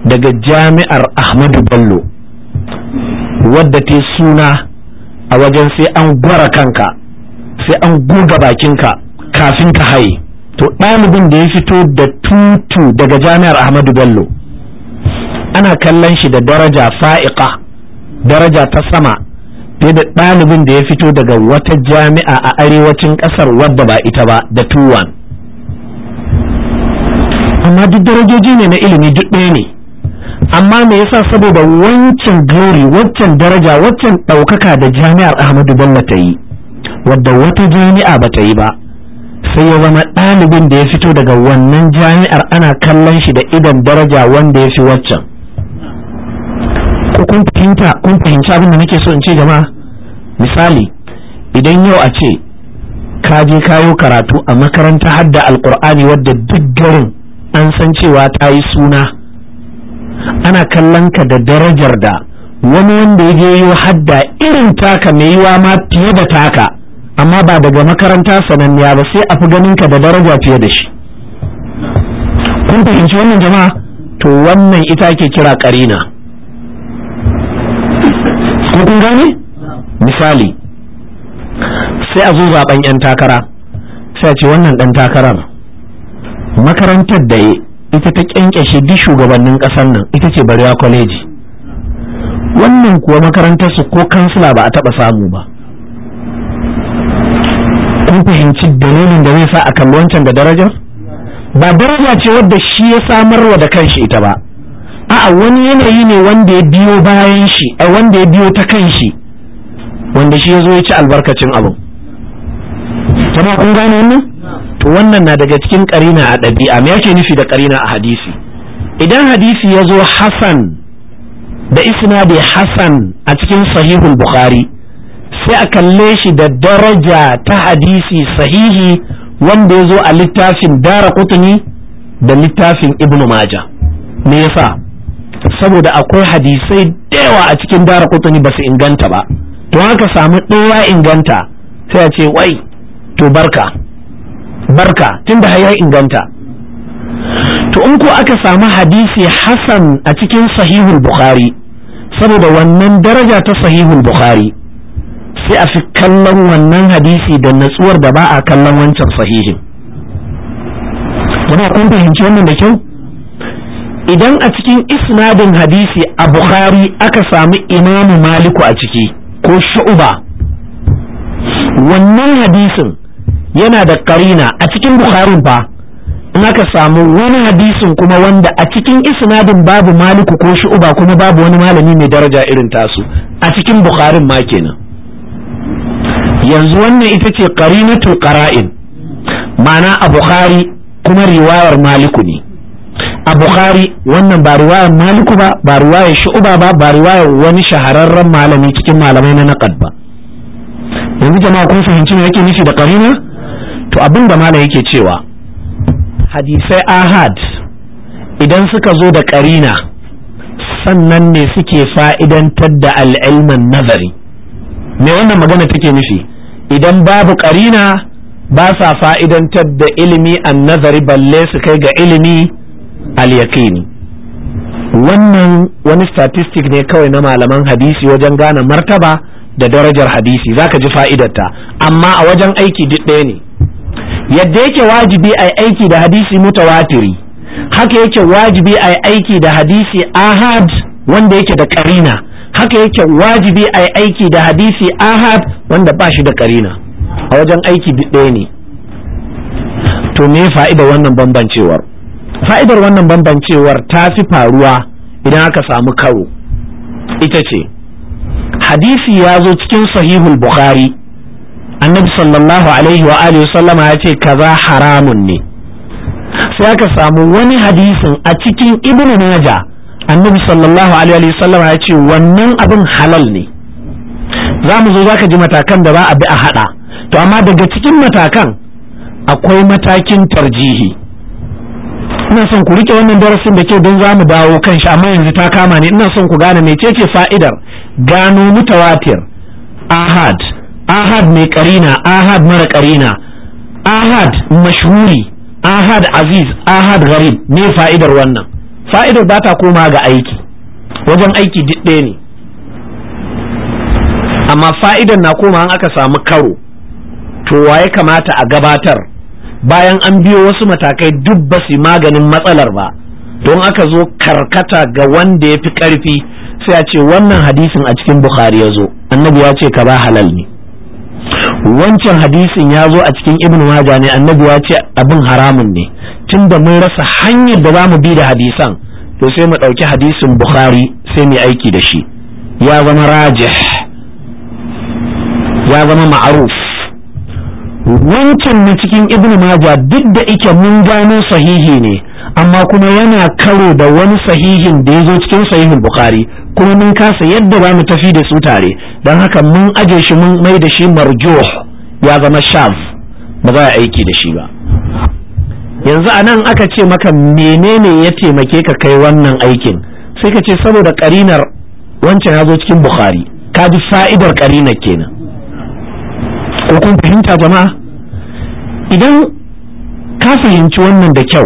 daga jami'ar ahmadu bello wadda ta suna a wajen sai an gwara kanka sai an goga bakinka kafin ka haye to ɗalibin da ya fito da tutu daga jami'ar ahmadu bello ana kallon shi da daraja fa'iƙa daraja ta sama fiye da ɗalibin da ya fito daga wata jami'a a arewacin ƙasar wadda ba ita ba da tuwan amma duk darajoji ne na ilimi duk ɗaya ne amma me yasa saboda wancan glory wancan daraja wancan ɗaukaka da jami'ar ahmadu bello ta yi wadda wata jami'a ba ta yi ba sai ya zama ɗalibin da ya fito daga wannan jami'ar ana kallon shi da idan daraja wanda ya fi waccan ko kun fahimta kun fahimci abin da nake so in ce jama'a misali idan yau a ce ka je kayo karatu a makaranta hadda alkur'ani wadda duk garin an san cewa ta yi suna ana kallon ka da darajar da wani wanda ya je yi hadda irin taka mai yiwa ma fiye da taka amma ba daga makaranta sananniya ba sai a fi ganin ka da daraja fiye da shi kun fahimci wannan jama'a to wannan ita ake kira karina ko kun gane misali sai a zo zaben yan takara sai a ce wannan dan takarar makarantar da ya ita ta kyankyashe duk shugabannin ƙasar nan ita ce bariya kwaleji wannan kuwa makarantarsu ko kansila ba a taɓa samu ba kun fahimci dalilin da zai sa a kalli wancan da darajar ba daraja ce wadda shi ya samarwa da kanshi ita ba a'a wani yanayi ne wanda ya biyo bayan shi a wanda ya biyo ta kanshi wanda shi ya zo ya ci albarkacin abu jama'a kun gane wannan to wannan na daga cikin karina a ɗabi'a me yake nufi da karina a hadisi idan hadisi ya zo hasan da isnadi hasan a cikin sahihul bukhari sai a kalle shi da daraja ta hadisi sahihi wanda ya zo a littafin dara kutuni da littafin ibnu maja me yasa saboda akwai hadisai da yawa a cikin dara kutuni ba su inganta ba to haka samu ɗaya inganta sai a ce wai to barka barka tunda hayar inganta to in ko aka samu hadisi hasan a cikin sahihul bukhari saboda wannan daraja ta sahihul bukhari sai a fi kallon wannan hadisi da natsuwar da ba a kallon wancan sahihin jama'a kun fahimci wannan da kyau idan a cikin isnadin hadisi a bukhari aka samu imamu maliku a ciki ko shu'uba wannan hadisin yana da karina a cikin bukharin fa in aka samu wani hadisin kuma wanda a cikin isnadin babu maliku ko shu'uba kuma babu wani malami mai daraja irin tasu a cikin bukharin ma kenan yanzu wannan ita ce karinatu qara'in ma'ana a bukhari kuma riwayar maliku ne a bukhari wannan ba riwayar maliku ba ba riwayar shu'uba ba ba riwayar wani shahararren malami cikin malamai na naqad ba yanzu jama'a kun fahimci me yake nufi da karina to abin da malam yake cewa hadisai ahad idan suka zo da karina sannan ne suke fa'idantar da al'ilman nazari me wannan magana take nufi idan babu karina ba sa fa'idantar da ilimi an nazari balle su kai ga ilimi al wannan wani statistik ne kawai na malaman hadisi wajen gane martaba da darajar hadisi za ka ji fa'idarta amma a wajen aiki duk ɗaya ne yadda yake wajibi a aiki da hadisi mutawatiri haka yake wajibi a aiki da hadisi ahad wanda yake da karina haka yake wajibi a aiki da hadisi ahad wanda ba shi da karina a wajen aiki ɗaya ne to me fa'idar wannan bambancewar fa'idar wannan bambancewar ta fi faruwa idan aka samu karo ita ce hadisi ya zo cikin sahihul bukhari annabi sallallahu alaihi wa alihi sallama ya ce kaza haramun ne sai aka samu wani hadisin a cikin ibnu naja annabi sallallahu alaihi wa sallama ya ce wannan abin halal ne za mu zo zaka ji matakan da za a bi a hada to amma daga cikin matakan akwai matakin tarjihi ina son ku rike wannan darasin da ke don za mu dawo kan shi amma yanzu ta kama ne ina son ku gane mecece fa'idar gano mutawatir ahad ahad mai karina ahad mara karina ahad mashhuri ahad aziz ahad gharib ne fa'idar wannan fa'idar ba ta koma ga aiki wajen aiki ɗaya ne amma fa'idar na koma aka samu karo to waye kamata a gabatar bayan an biyo wasu matakai duk ba su maganin matsalar ba don aka zo karkata ga wanda yafi fi ƙarfi sai a ce wannan hadisin a cikin bukhari ya zo annabi ya ce ka ba halal ne wancan hadisin ya zo a cikin ibn waja ne annabi ya ce abin haramun ne tunda mun rasa hanyar da za mu bi da hadisan to sai mu ɗauki hadisin bukhari sai mu aiki da shi ya zama rajih ya zama ma'aruf wancan na cikin ibnu maja duk da ike mun gano sahihi ne amma kuma yana karo da wani sahihin da ya zo cikin sahihin bukhari kuma mun kasa yadda za mu tafi da su tare don haka mun aje shi mun mai da shi marjuh ya zama shaf ba za a aiki da shi ba yanzu a nan aka ce maka menene ya taimake ka kai wannan aikin sai ka ce saboda karinar wancan ya zo cikin bukhari ka ji fa'idar karinar kenan ko kun fahimta jama'a idan ka fahimci wannan da kyau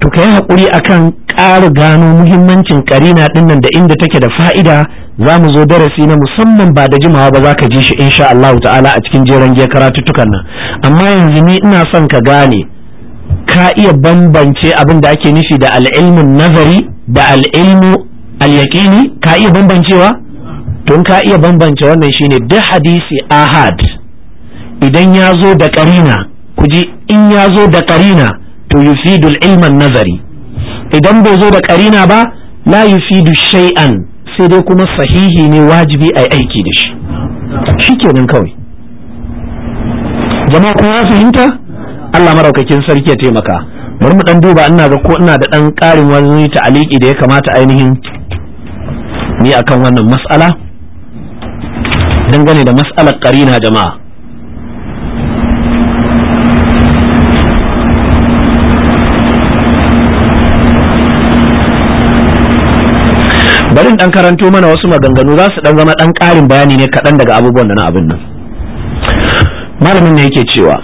to ka yi haƙuri akan ƙara gano muhimmancin karina ɗin nan da inda take da fa'ida za mu zo darasi na musamman ba da jimawa ba za ka ji shi insha Allah ta'ala a cikin jeran giya karatuttukan nan amma yanzu ni ina son ka gane ka iya bambance abin da ake nufi da al'ilmun nazari da al'ilmu al-yaqini ka iya bambancewa don ka iya bambance wannan shine duk hadisi ahad idan ya zo da ƙarina, ku ji in ya zo da karina to yufidul ilman nazari idan bai zo da karina ba la yufidu shay'an sai dai kuma sahihi ne wajibi a aiki da shi shikenan kawai jama'a ya fahimta Allah maraukakin sarki ya taimaka bari mu dan duba ina ga ko ina da dan karin wani ta'aliki da ya kamata ainihin ni akan wannan mas'ala dangane da mas'alar karina jama'a bari in dan karanto mana wasu maganganu za su dan zama dan karin bayani ne kaɗan daga abubuwan da na abin nan malamin ne yake cewa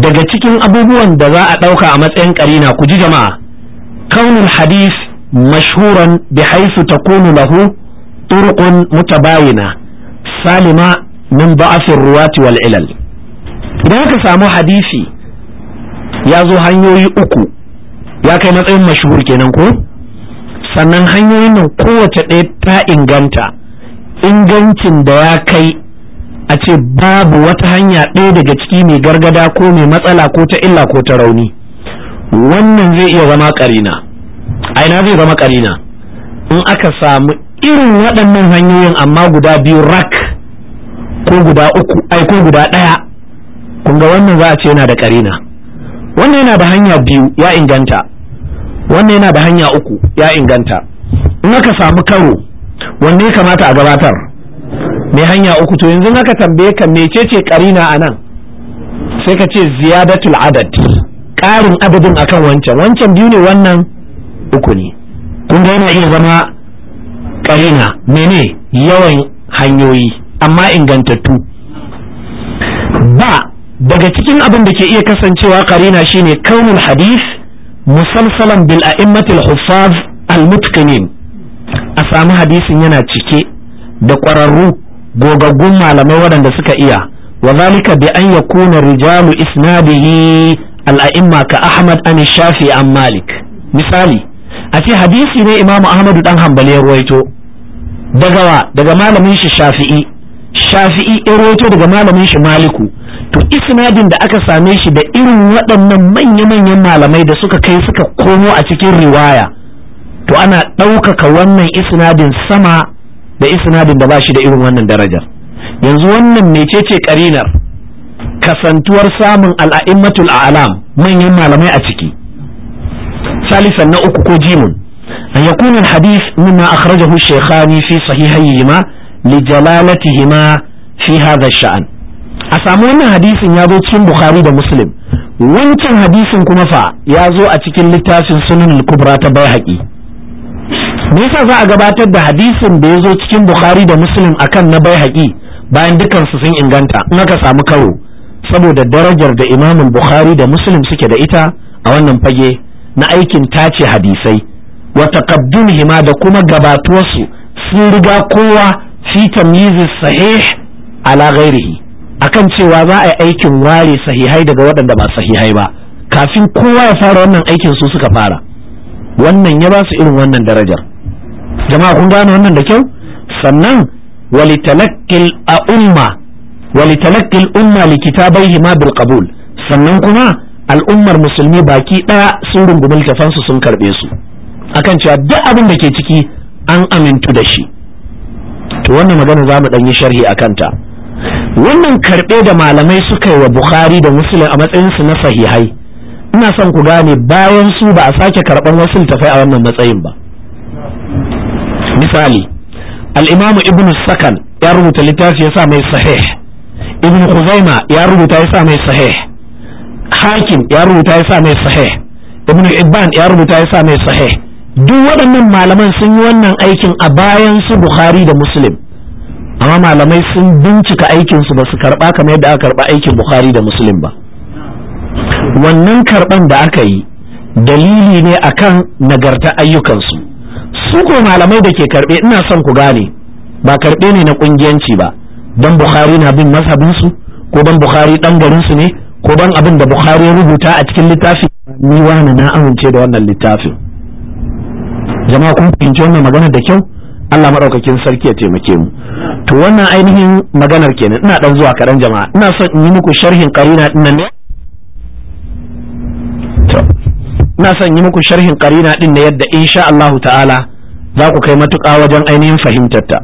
daga cikin abubuwan da za a ɗauka a matsayin karina ku ji jama'a kaunul hadis mashhuran bi haisu takunu lahu turuqun mutabayina salima min da'afir ruwati wal ilal idan ka samu hadisi ya zo hanyoyi uku ya kai matsayin mashhur kenan ko sannan hanyoyin nan kowace ɗaya ta inganta ingancin da ya kai a ce babu wata hanya ɗaya daga ciki mai gargada ko mai matsala ko ta illa ko ta rauni wannan zai iya zama karina aina zai zama karina in aka samu irin waɗannan hanyoyin amma guda biyu rak ko guda uku ai ko guda ɗaya kun ga wannan za a ce yana da karina wannan yana da hanya biyu ya inganta wannan yana da hanya uku ya inganta in aka samu karo wanne kamata a gabatar mai hanya uku to yanzu aka tambaye ka mecece karina a nan sai ka ce ziyadatul adad ƙarin adadin akan wancan wancan biyu ne wannan uku ne kun yana iya zama karina mene yawan hanyoyi amma ingantattu ba daga cikin abin da ke iya kasancewa karina shine kaunin hadith musalsalan bil a'immatil huffaz al mutqinin a sami hadisin yana cike da ƙwararru gogaggun malamai waɗanda suka iya wa zalika bi an yakuna rijalu isnadihi al ka ahmad an shafi an malik misali a hadisi ne imamu ahmadu dan hanbali ya ruwaito daga wa daga malamin shi shafi'i shafi'i ya rawaito daga malamin shi maliku to isnadin da aka same shi da irin waɗannan manya-manyan malamai da suka kai suka komo a cikin riwaya to ana ɗaukaka wannan isnadin sama da isnadin da ba shi da irin wannan darajar yanzu wannan mecece karinar kasantuwar samun al'a'immatul a'lam manyan malamai a ciki salisan na uku ko jimun an yakunan hadith mimma akhrajahu shaykhani fi sahihayhima li jalalatihima fi hadha sha'an a samu wannan hadisin ya zo cikin bukhari da muslim wancan hadisin kuma fa ya zo a cikin littafin sunan al-kubra ta bayhaqi me yasa za a gabatar da hadisin da ya zo cikin bukhari da muslim akan na bayhaqi bayan dukansu sun inganta in aka samu karo saboda darajar da imamul bukhari da muslim suke da ita a wannan fage na aikin tace hadisai wa hima da kuma gabatuwarsu sun riga kowa fi tamyiz sahih ala ghairihi akan cewa za a yi aikin ware sahihai daga waɗanda ba sahihai ba kafin kowa ya fara wannan aikin su suka fara wannan ya ba su irin wannan darajar jama'a kun gane wannan da kyau sannan walitalakkil a umma walitalakkil umma likitabai ma bil qabul sannan kuma al'ummar musulmi baki ɗaya sun rungumi littafan su sun karɓe su akan cewa duk abin da ke ciki an amintu da shi to wannan magana za mu ɗan yi sharhi a kanta wannan karɓe da malamai suka yi wa bukhari da muslim a matsayinsu na sahihai ina son ku gane bayan su ba a sake karɓar wasu littafai a wannan matsayin ba misali al'imamu ibn sakan ya rubuta littafi ya sa mai sahih ibn khuzaima ya rubuta ya sa mai sahih hakim ya rubuta ya sa mai sahih ibn ibban ya rubuta ya sa mai sahih duk waɗannan malaman sun yi wannan aikin a bayan su bukhari da muslim amma malamai sun bincika aikinsu ba su karɓa kamar yadda aka karɓa aikin bukhari da muslim ba wannan karɓan da aka yi dalili ne akan nagarta ayyukansu su ko malamai da ke karɓe ina son ku gane ba karɓe ne na ƙungiyanci ba dan bukhari na bin su ko dan bukhari ɗan garinsu ne ko dan abin da bukhari ya rubuta a cikin littafin. ni wani na amince da wannan littafin jama'a kun fahimci wannan magana da kyau Allah maɗaukakin sarki ya taimake mu to wannan ainihin maganar kenan ina dan zuwa karan jama'a ina son in yi muku sharhin karina din nan to ina son yi muku sharhin karina din na yadda insha Allah ta'ala za ku kai matuƙa wajen ainihin fahimtar ta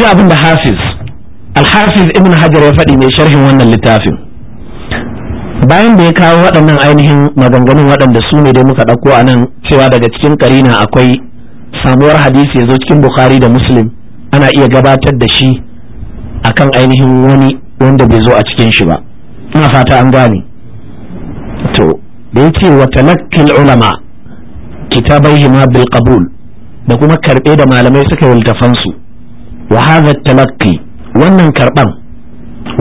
ga abin da hafiz alhafiz ibn hajar ya faɗi mai sharhin wannan littafin bayan da ya kawo waɗannan ainihin maganganun waɗanda su ne dai muka ɗauko a nan cewa daga cikin karina akwai samuwar hadisi ya zo cikin bukhari da muslim ana iya gabatar da shi akan ainihin wani wanda bai zo a cikin shi ba ina fata an gane to da ya ce wa talakkil ulama kitabaihima bil qabul da kuma karɓe da malamai suka yi littafansu wa hadha talaqqi wannan karban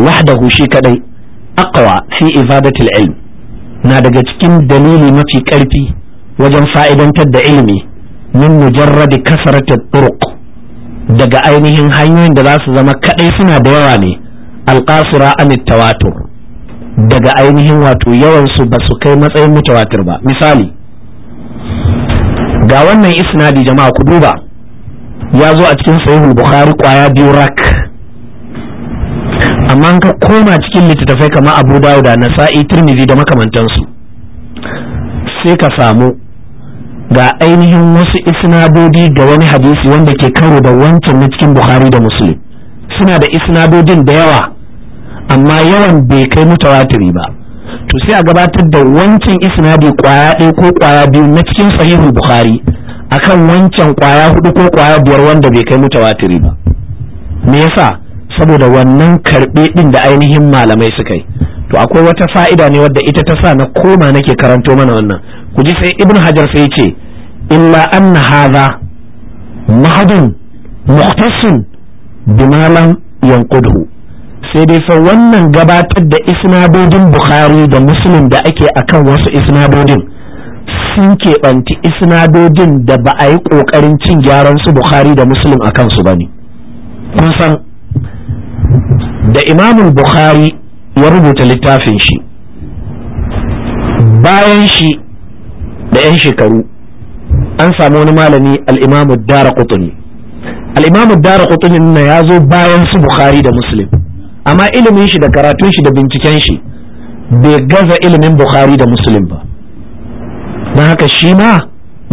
wahdahu shi kadai aqwa fi ifadati ilm na daga cikin dalili mafi karfi wajen fa'idantar da ilimi min mujarradi kasarati turuq daga ainihin hanyoyin da za su zama kadai suna da yawa ne alqasura an tawatur daga ainihin wato yawansu ba su kai matsayin mutawatir ba misali ga wannan isnadi jama'a ku duba ya zo a cikin sahihul bukhari kwaya biyu rak amma ka koma cikin littattafai kamar abu da na sa'i tirmidhi da makamantansu sai ka samu ga ainihin wasu isnadodi ga wani hadisi wanda ke karo da wancan na cikin bukhari da muslim suna da isnadodin da yawa amma yawan bai kai mutawatiri ba to sai a gabatar da wancan isnadi kwaya ɗaya ko kwaya biyu na cikin sahihul bukhari akan wancan kwaya hudu ko kwaya biyar wanda bai kai watiri ba me yasa saboda wannan karbe din da ainihin malamai suka yi to akwai wata fa'ida ne wadda ita ta sa na koma nake karanto mana wannan ku ji sai ibn hajar sai ce illa anna hadha mahadun muhtasin Bimalan, yanqudhu sai dai fa wannan gabatar da isnadodin bukhari da muslim da ake akan wasu isnadodin sun keɓanci isnadodin da ba a yi ƙoƙarin cin gyaran su bukhari da muslim a kansu ba ne kun san da imamul bukhari ya rubuta littafin shi bayan shi da 'yan shekaru an samu wani malami al'imamu dara kutuni al'imamu dara kutuni na ya zo bayan su bukhari da muslim amma ilimin shi da karatun shi da binciken shi bai gaza ilimin bukhari da muslim ba don haka shi ma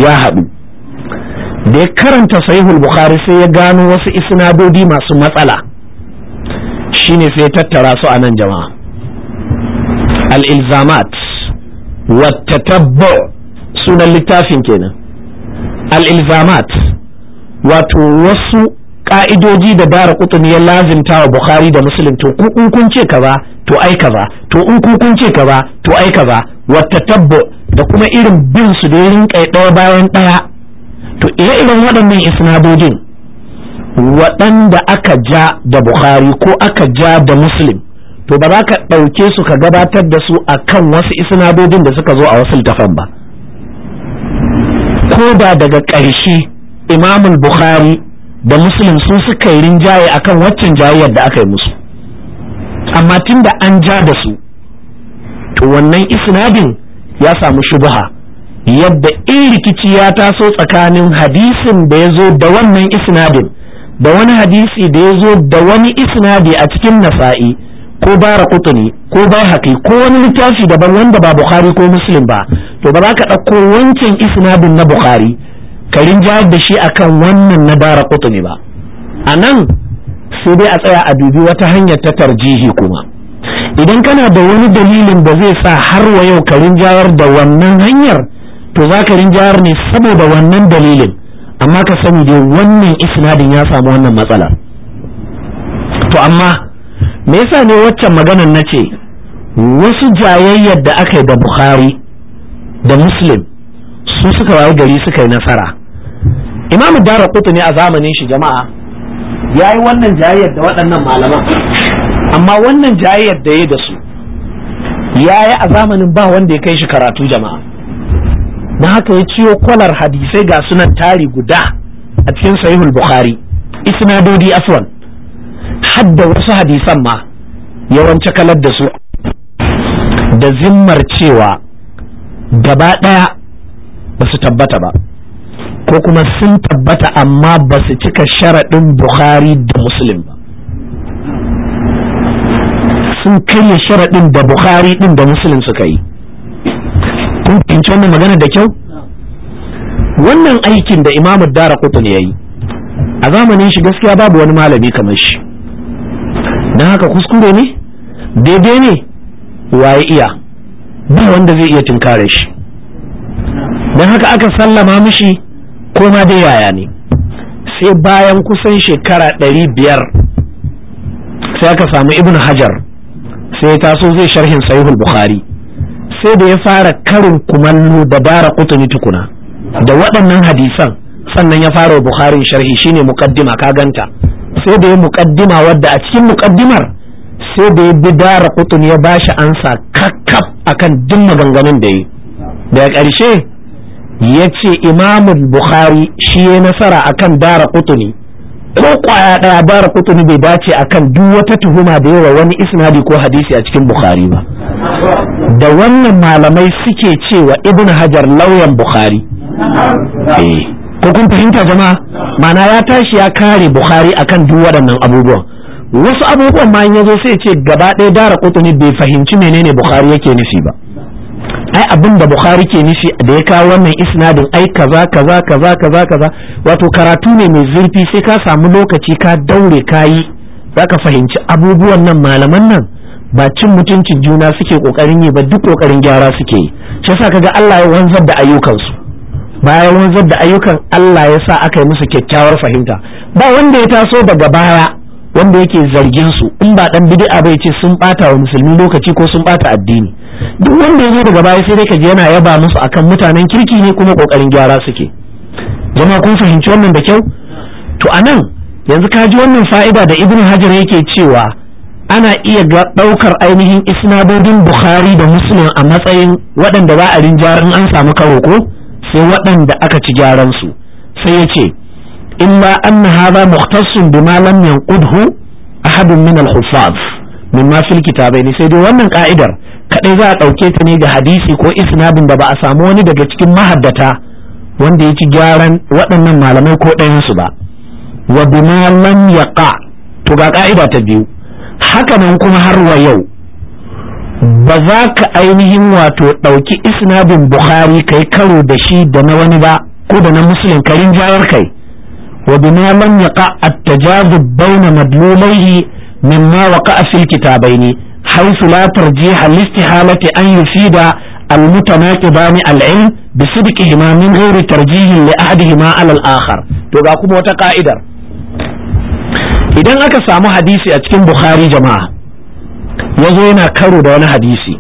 ya haɗu da ya karanta sahihul bukhari sai ya gano wasu isnadodi masu matsala shine sai tattara su a nan jama'a al-ilzamat wata tabba sunan littafin kenan al-ilzamat wato wasu ƙa'idoji da bara kutumi ya lazimta wa bukhari da muslim to kun kun ce kaza to ai kaza to in ku kun ce kaza to ai kaza wata tabbo da kuma irin bin su da rinka ɗaya bayan ɗaya to ire irin waɗannan isnadodin waɗanda aka ja da bukhari ko aka ja da muslim to ba za ka ɗauke su ka gabatar da su a kan wasu isnadodin da suka zo a wasu littafan ba ko ba daga ƙarshe imamul bukhari da muslim sun suka yi rinjaye akan waccan jayayyar da aka yi musu amma tun da an ja da su to wannan isnadin ya samu shubha yadda in rikici ya taso tsakanin hadisin da ya zo da wannan isnadin da wani hadisi da ya zo da wani isnadi a cikin nasa'i ko bara kutuni ko ba haƙi ko wani littafi daban wanda ba bukhari ko muslim ba to ba za ka ɗauko wancan isnadin na bukhari ka rinjaya da shi akan wannan na bara kutuni ba a nan sai dai a tsaya a dubi wata hanyar ta tarjihi kuma idan kana da wani dalilin da zai sa har wa yau ka rinjayar da wannan hanyar to za ka rinjayar ne saboda wannan dalilin amma ka sani dai wannan isnadin ya samu wannan matsala to amma me yasa ne waccan maganar na ce wasu jayayyar da aka yi da bukhari da muslim su suka wayi gari suka yi nasara imamu dara ne a zamanin shi jama'a ya yi wannan jayayyar da waɗannan malaman amma wannan jayayyar da ya da su ya yi a zamanin ba wanda ya kai shi karatu jama'a na haka ya ciyo kwalar hadisai ga sunan tari guda a cikin sahihul bukhari isnadodi aswan hadda wasu hadisan ma yawanci kalar da su da zimmar cewa gaba ɗaya ba su tabbata ba ko kuma sun tabbata amma ba su cika sharaɗin bukhari da muslim ba sun karya sharaɗin da bukhari ɗin da muslim suka yi kun fahimci wannan magana da kyau wannan aikin da imamu dara kutun ya yi a zamanin shi gaskiya babu wani malami kamar shi na haka kuskure ne daidai ne waye iya ba wanda zai iya tunkare shi don haka aka sallama mishi ko ma dai yaya ne sai bayan kusan shekara ɗari biyar sai aka samu ibn hajar sai ya taso zai sharhin sahihul bukhari sai da ya fara karin kumallo da bara kutuni tukuna da waɗannan hadisan sannan ya fara bukhari sharhi shine muqaddima ka ganta sai da ya muqaddima wadda a cikin muqaddimar sai da ya bi bara kutuni ya bashi ansa kakkaf akan duk maganganun da yi da ƙarshe ya ce imamun bukhari shi ya nasara akan dara kutuni ko kwaya daya dara kutuni bai dace akan duk wata tuhuma da yawa wani isnadi ko hadisi a cikin bukhari ba da wannan malamai suke cewa ibn hajar lauyan bukhari eh, ko kun fahimta jama'a mana ya tashi ya kare bukhari akan duk waɗannan abubuwan wasu abubuwan ma ya zo sai ce gaba ɗaya dara kutuni bai fahimci menene bukhari yake nufi ba ai abin da bukhari ke nufi da ya kawo wannan isnadin ai kaza kaza kaza kaza kaza wato karatu ne mai zurfi sai ka samu lokaci ka daure kayi zaka fahimci abubuwan nan malaman nan ba cin mutuncin juna suke kokarin yi ba duk kokarin gyara suke yi shi yasa kaga Allah ya wanzar da ayyukansu bayan wanzar da ayyukan Allah ya sa aka yi musu kyakkyawar fahimta ba wanda ya taso daga baya wanda yake zargin su in ba dan bid'a ba ce sun bata wa musulmi lokaci ko sun bata addini duk wanda yazo daga baya sai dai kaje yana yaba musu akan mutanen kirki ne kuma kokarin gyara suke jama'a kun fahimci wannan da kyau to anan yanzu ka ji wannan fa'ida da ibnu hajar yake cewa ana iya ɗaukar ainihin isnadodin bukhari da muslim a matsayin waɗanda za a rinjarin an samu karo ko sai waɗanda aka ci gyaran su sai ya ce imma anna hadha mukhtassun bima lam yanqudhu ahadun min al-huffaz mimma fil kitabaini sai dai wannan ka'idar kadai za a ɗauke ta ne ga hadisi ko isnadin da ba a samu wani daga cikin mahaddata wanda ya ci gyaran waɗannan malamai ko ɗayansu ba wa bima lam yaqa to ga ka'ida ta biyu haka nan kuma har wa yau ba za ka ainihin wato ɗauki isnabin bukhari kai karo da shi da na wani ba ko da na musulun karin jayar kai وبما لم يقع التجاذب بين مدلوليه مما وقع في الكتابين حيث لا ترجيح لاستحالة أن يفيد المتناقضان العلم بصدقهما من غير ترجيح لأحدهما على الآخر wata وتقائدا idan aka samu hadisi a cikin bukhari jama'a ya zo yana karo da wani hadisi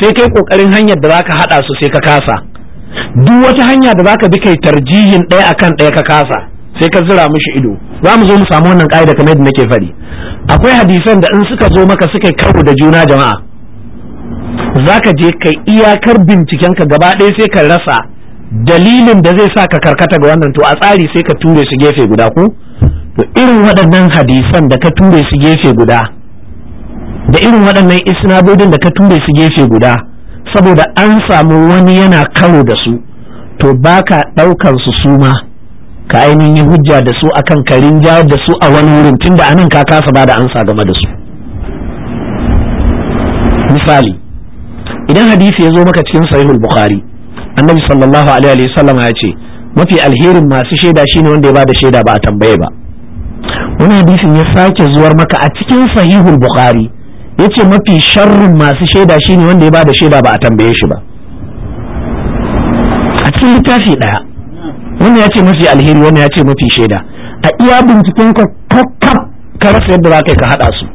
sai kai kokarin hanyar da zaka hada su sai ka kasa duk wata hanya da zaka bi kai tarjihin ɗaya akan ɗaya ka kasa sai ka zira mishi ido za mu zo mu samu wannan ka'ida kamar yadda nake faɗi akwai hadisan da in suka zo maka suka yi karo da juna jama'a zaka je kai iyakar binciken ka gaba ɗaya sai ka rasa dalilin da zai sa ka karkata ga wannan to a tsari sai ka ture su gefe guda ko to irin waɗannan hadisan da ka ture su gefe guda da irin waɗannan isnadodin da ka ture su gefe guda saboda an samu wani yana karo da su to baka ɗaukar su suma ka ainihin hujja da su akan karin jawar da su a wani wurin tun da anan ka kasa ba da ansa game da su misali idan hadisi ya zo maka cikin sahihul bukhari annabi sallallahu alaihi wa sallam, ya ce mafi alherin masu shaida shine wanda ya bada shaida ba a tambaye ba wani hadisin ya sake zuwar maka a cikin sahihul bukhari ce mafi sharrin masu shaida shine wanda ya bada shaida ba a tambaye shi ba a cikin littafi daya wannan ya ce mafi alheri wannan ya ce mafi shaida a iya binciken ka kakkab ka rasa yadda za ka ka haɗa su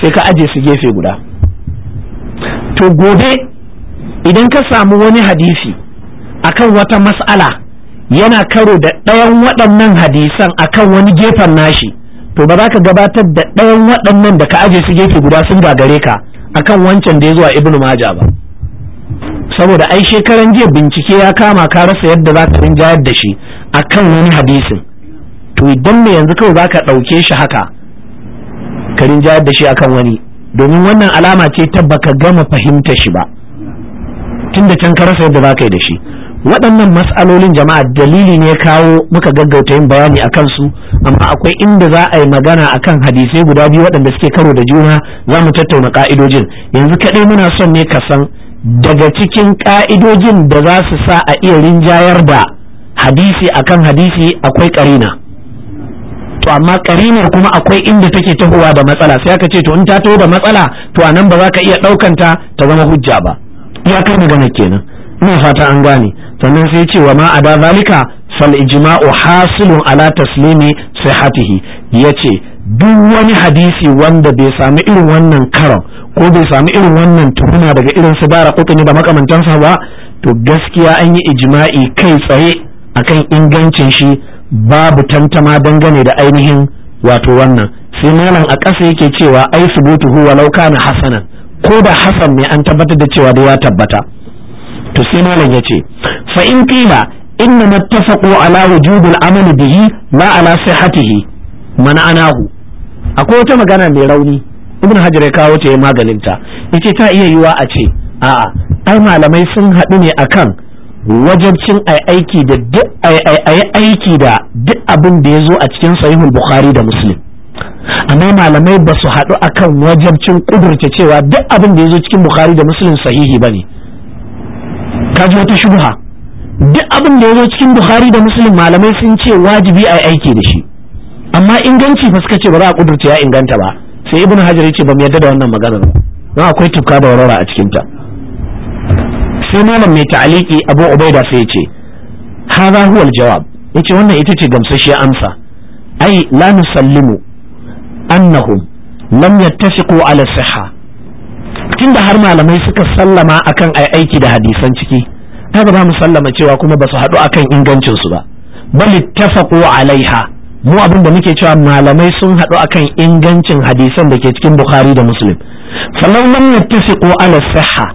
sai ka aje su gefe guda to gobe idan ka samu wani hadisi akan wata mas'ala yana karo da ɗayan waɗannan hadisan akan wani gefen nashi to ba za ka gabatar da ɗayan waɗannan da ka aje su gefe guda sun gagare ka akan wancan da ya zuwa ibnu maja ba saboda ai shekaran jiya bincike ya kama ka rasa yadda za ka rinjayar da shi a kan wani hadisin to idan yanzu kawai za ka ɗauke shi haka ka rinjayar da shi a kan wani domin wannan alama ce ta baka gama fahimta shi ba tunda can ka rasa yadda za ka yi da shi waɗannan mas'alolin jama'a dalili ne kawo muka gaggauta yin bayani a kansu amma akwai inda za a yi magana a kan hadisai guda biyu waɗanda suke karo da juna za mu tattauna ƙa'idojin yanzu kaɗai muna son ne ka san daga cikin ƙa'idojin da za su sa a iya rinjayar da hadisi akan hadisi akwai ƙarina to amma ƙarinar kuma akwai inda take tahowa da matsala sai aka ce to in ta taho da matsala to a nan ba za ka iya ɗaukanta ta zama hujja ba ya kai magana kenan ina fata an gane sannan sai ce wa ma a da zalika fal ijma'u hasilun ala taslimi sihatihi yace duk wani hadisi wanda bai sami irin wannan karon ko bai sami irin wannan tuhuma daga irin su bara kokani da makamantansa ba to gaskiya an yi ijma'i kai tsaye akan ingancin shi babu tantama dangane da ainihin wato wannan sai malam a ƙasa yake cewa ai subutu huwa law kana hasanan ko da hasan mai an tabbatar da cewa da ya tabbata to sai malam yace fa in qila inna mattafaqu ala wujubil amali bihi la ala sihhatihi anahu. akwai wata magana mai rauni ibn hajar ya kawo ta ya maganin ta yace ta iya yiwa a ce a'a ai malamai sun haɗu ne akan wajabcin ai aiki da duk ai aiki da duk abin da ya zo a cikin sahihul bukhari da muslim amma malamai ba su haɗu akan wajabcin kudurce cewa duk abin da ya zo cikin bukhari da muslim sahihi ba ne ka ji wata shubha duk abin da ya zo cikin bukhari da muslim malamai sun ce wajibi a aiki da shi amma inganci fa suka ce ba za a kudurce ya inganta ba sai ibnu hajar yace ba mu yadda da wannan maganar ba akwai tuka da warara a cikin ta sai malam mai ta'aliki abu ubaida sai yace hadha huwa aljawab yace wannan ita ce gamsasshiyar amsa ai la nusallimu annahum lam yattafiqu ala sihha tunda har malamai suka sallama akan ai aiki da hadisan ciki kaga ba mu sallama cewa kuma ba su haɗu akan ingancin su ba bal ittafaqu alaiha mu abin da muke cewa malamai sun haɗu akan ingancin hadisan da ke cikin bukhari da muslim falau lam yattasiqu ala sihha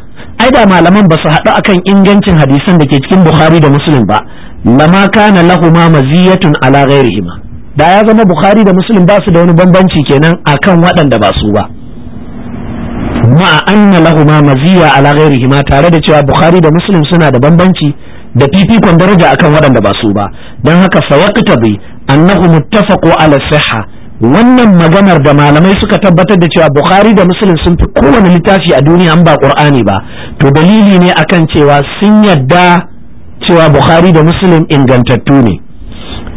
ai da malaman ba su haɗu akan ingancin hadisan da ke cikin bukhari da muslim ba lama kana lahuma maziyatun ala ghairihima da ya zama bukhari da muslim ba su da wani bambanci kenan akan waɗanda ba su ba ma anna lahuma maziya ala ghairihima tare da cewa bukhari da muslim suna da bambanci da fifikon daraja akan waɗanda ba su ba don haka fawaqta annahu muttafaqu ala sihha wannan maganar da malamai suka tabbatar da cewa bukhari da muslim sun fi kowane littafi a duniya an ba qur'ani ba to dalili ne akan cewa sun yadda cewa bukhari da muslim ingantattu ne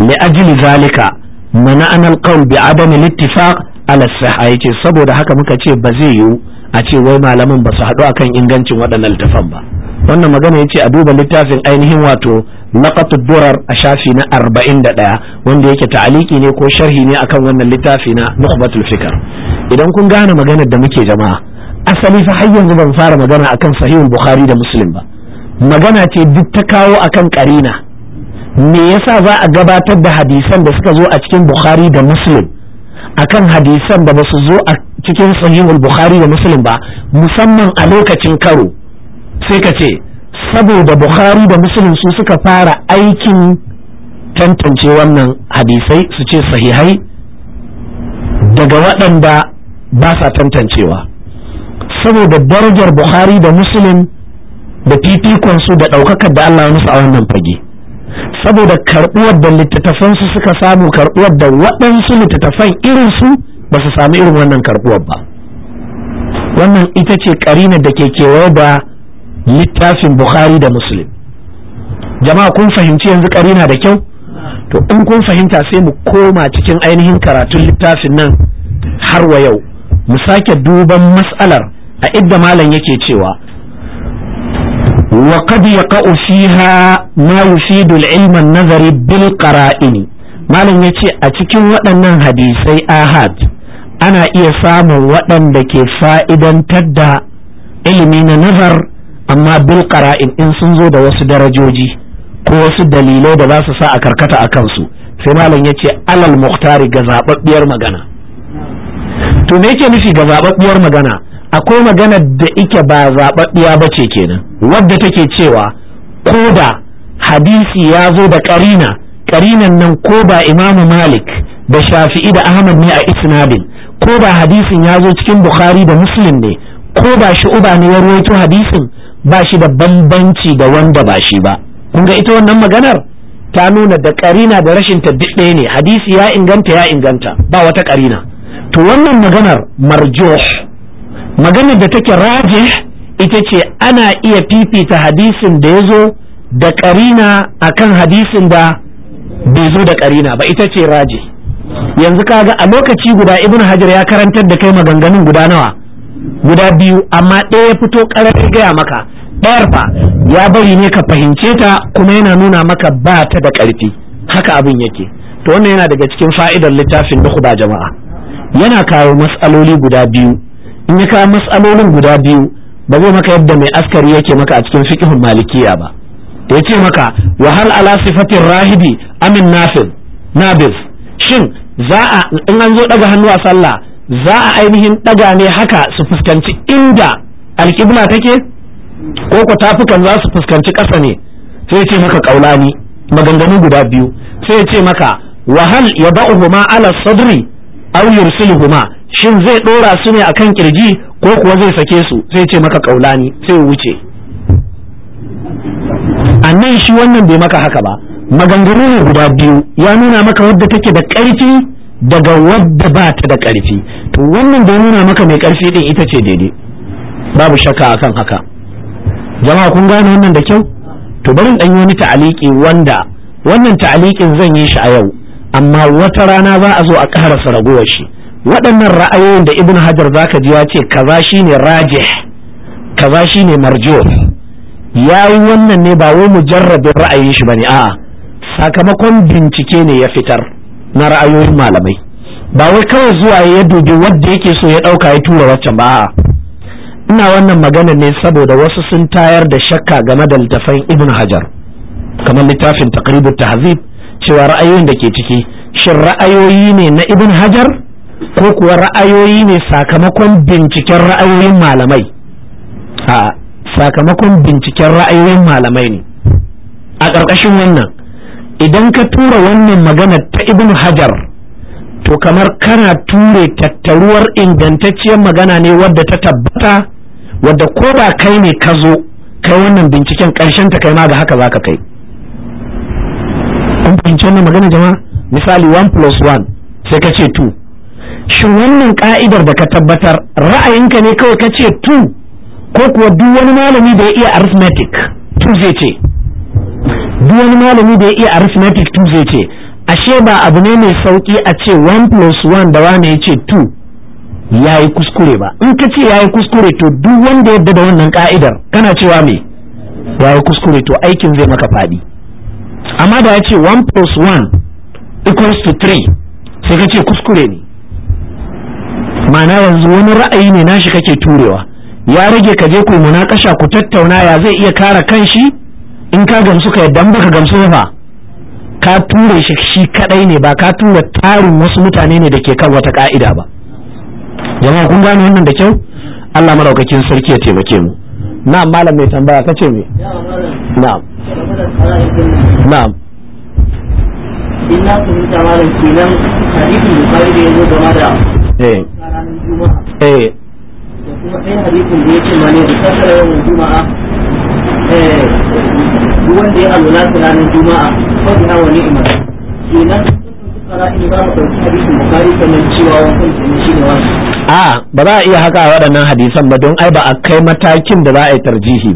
li ajli zalika mana'an alqawl bi adam al-ittifaq ala sihha yace saboda haka muka ce ba zai yiwu a ce wai malaman ba su haɗu akan ingancin waɗannan littafan ba wannan magana ya ce a duba littafin ainihin wato naqatu durar a shafi na arba'in da ɗaya wanda yake ta'aliki ne ko sharhi ne akan wannan littafi na nukhbatul fikr idan kun gane maganar da muke jama'a asali fa har yanzu ban fara magana akan sahihul bukhari da muslim ba magana ce duk ta kawo akan karina me yasa za a gabatar da hadisan da suka zo a cikin bukhari da muslim akan hadisan da ba su zo a cikin sahihul bukhari da muslim ba musamman a lokacin karo sai ka ce saboda bukhari da musulun su suka fara aikin tantance wannan hadisai su ce sahihai daga waɗanda ba sa tantancewa saboda darajar bukhari da musulun da titikonsu da ɗaukakar da allah musu a wannan fage saboda karɓuwar da littattafansu suka samu karɓuwar da waɗansu littattafan irinsu ba su samu irin wannan karɓuwar ba wannan ita ce ƙarina da ke kewaye da littafin bukhari da muslim jama'a kun fahimci yanzu karina da kyau to in kun fahimta sai mu koma cikin ainihin karatun littafin nan har wa yau mu sake duban mas'alar a inda malam yake cewa wa qad yaqa'u fiha ma yufidu al-ilma an-nazari bil qara'in malam yace a cikin waɗannan hadisai ahad ana iya samun waɗanda ke fa'idantar da ilimi na nazar amma bil qara'in in sun zo da wasu darajoji ko wasu dalilai da za su sa a karkata a kansu sai malam ya ce alal muhtari ga zababbiyar magana to me yake nufi ga zababbiyar magana akwai magana da ike ba zababbiya ba ce kenan wadda take cewa ko da hadisi ya zo da karina karinan nan ko ba imamu malik da shafi'i da ahmad ne a isnadin ko ba hadisin ya zo cikin bukhari da muslim ne ko ba shu'uba ne ya ruwaito hadisin ba shi da bambanci da wanda ba shi ba kun ga ita wannan maganar ta nuna da karina da rashin ta ɗaya ne hadisi ya inganta ya inganta ba wata karina to wannan maganar marjo maganar da take raje ita ce ana iya fifita hadisin da ya zo da karina akan hadisin da bai zo da karina ba ita ce raje. yanzu kaga a lokaci guda ibn hajar ya karantar da kai maganganun guda nawa guda biyu amma ɗaya ya fito ƙarfi gaya maka ɗayar fa ya bari ne ka fahimce ta kuma yana nuna maka ba ta da ƙarfi haka abin yake to wannan yana daga cikin fa'idar littafin da kuda jama'a yana kawo matsaloli guda biyu in ya kawo matsalolin guda biyu ba zai maka yadda mai askari yake maka a cikin fiqhun malikiya ba Ya ce maka wa hal ala sifatin rahibi amin nafiz nabiz shin za a in an zo daga hannu a sallah za a ainihin ɗaga ne haka su fuskanci inda alƙibla take ko ko tafukan za su fuskanci ƙasa ne sai ce maka ƙaulani maganganu guda biyu sai ce maka wahal ya ba'uhuma ala sadri aw yursiluhuma shin zai ɗora su ne akan kirji ko kuwa zai sake su sai ce maka ƙaulani sai wuce annan shi wannan bai maka haka ba maganganu ne guda biyu ya nuna maka wadda take da ƙarfi daga wadda ba ta da ƙarfi to wannan da nuna maka mai ƙarfi din ita ce daidai babu shakka akan haka jama'a kun gane wannan da kyau to bari in ɗanyi wani ta'aliki wanda wannan ta'alikin zan yi shi a yau amma wata rana za a zo a ƙara ragowar shi waɗannan ra'ayoyin da ibn hajar zaka ji ya ce kaza shine rajih kaza shine marjuh yayi wannan ne ba wai mujarrabin ra'ayin shi bane a'a sakamakon bincike ne ya fitar na ra'ayoyin malamai ba wai kawai zuwa ya dubi wadda yake so ya ɗauka ya tura waccan ba ina wannan magana ne saboda wasu sun tayar da shakka game da littafin ibn hajar kamar littafin taqribu tahzib cewa ra'ayoyin da ke ciki shin ra'ayoyi ne na ibn hajar ko kuwa ra'ayoyi ne sakamakon binciken ra'ayoyin malamai a sakamakon binciken ra'ayoyin malamai ne a ƙarƙashin wannan idan ka tura wannan magana ta ibn hajar to kamar kana ture tattaruwar ingantacciyar magana ne wadda ta tabbata wadda ko ba kai ne ka zo kai wannan binciken karshen ta kai ma ga haka zaka kai an fahimci wannan magana jama'a misali 1 plus 1 sai ka ce 2 shin wannan ka'idar da ka tabbatar ra'ayinka ne kawai ka ce 2 ko kuwa duk wani malami da ya iya arithmetic 2 zai ce duk wani malami da ya iya arithmetic 2 zai ce ashe ba abu ne mai sauki a ce 1 plus 1 da wani ya ce 2 ya yi kuskure ba in ka ce ya yi kuskure to duk wanda yadda da wannan ka'idar kana cewa me ya yi kuskure to aikin zai maka faɗi amma da ya ce 1 plus 1 equals to 3 sai ka ce kuskure ne ma'ana yanzu wani ra'ayi ne nashi kake turewa ya rage ka je ku munakasha ku tattauna ya zai iya kare kanshi in ka gamsu ka yadda baka gamsu ba ka tura shi shi kadai ne ba ka tura tarin wasu mutane ne da ke kan wata ka'ida ba jama'a kun gane wannan da kyau Allah maraukakin sarki ya taimake mu na'am malam mai tambaya ka ce me na'am na'am in na fahimta malam kenan hadisin bukari da ya zo game da eh eh da kuma ɗaya hadisin da ya ce mani da kasar yawan juma'a duk wanda ya a ba za a iya haka a waɗannan hadisan ba don ai ba a kai matakin da za a yi tarjihi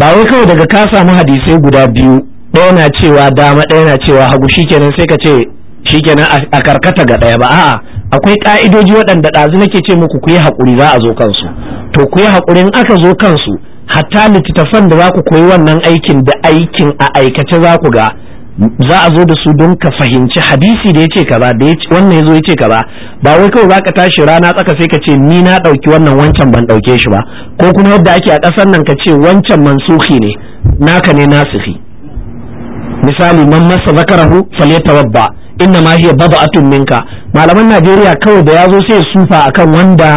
ba wai kawai daga ka samu hadisai guda biyu ɗaya na cewa dama ɗaya na cewa hagu shikenan sai ka ce shikenan a karkata ga ɗaya ba a'a akwai ƙa'idoji waɗanda ɗazu nake ce muku ku yi haƙuri za a zo kansu to ku yi haƙurin aka zo kansu hatta littattafan da za ku koyi wannan aikin da aikin a aikace za ku ga za a zo da su don ka fahimci hadisi da ya ce ba da wannan ya zo ya ce ka ba ba wai kawai za ka tashi rana tsaka sai ka ce ni na ɗauki wannan wancan ban ɗauke shi ba ko kuma yadda ake a ƙasar nan ka ce wancan mansuhi ne naka ne nasihi misali man masa zakarahu babba inna ma hiya bada'atun minka malaman Najeriya kawai da ya zo sai ya sufa akan wanda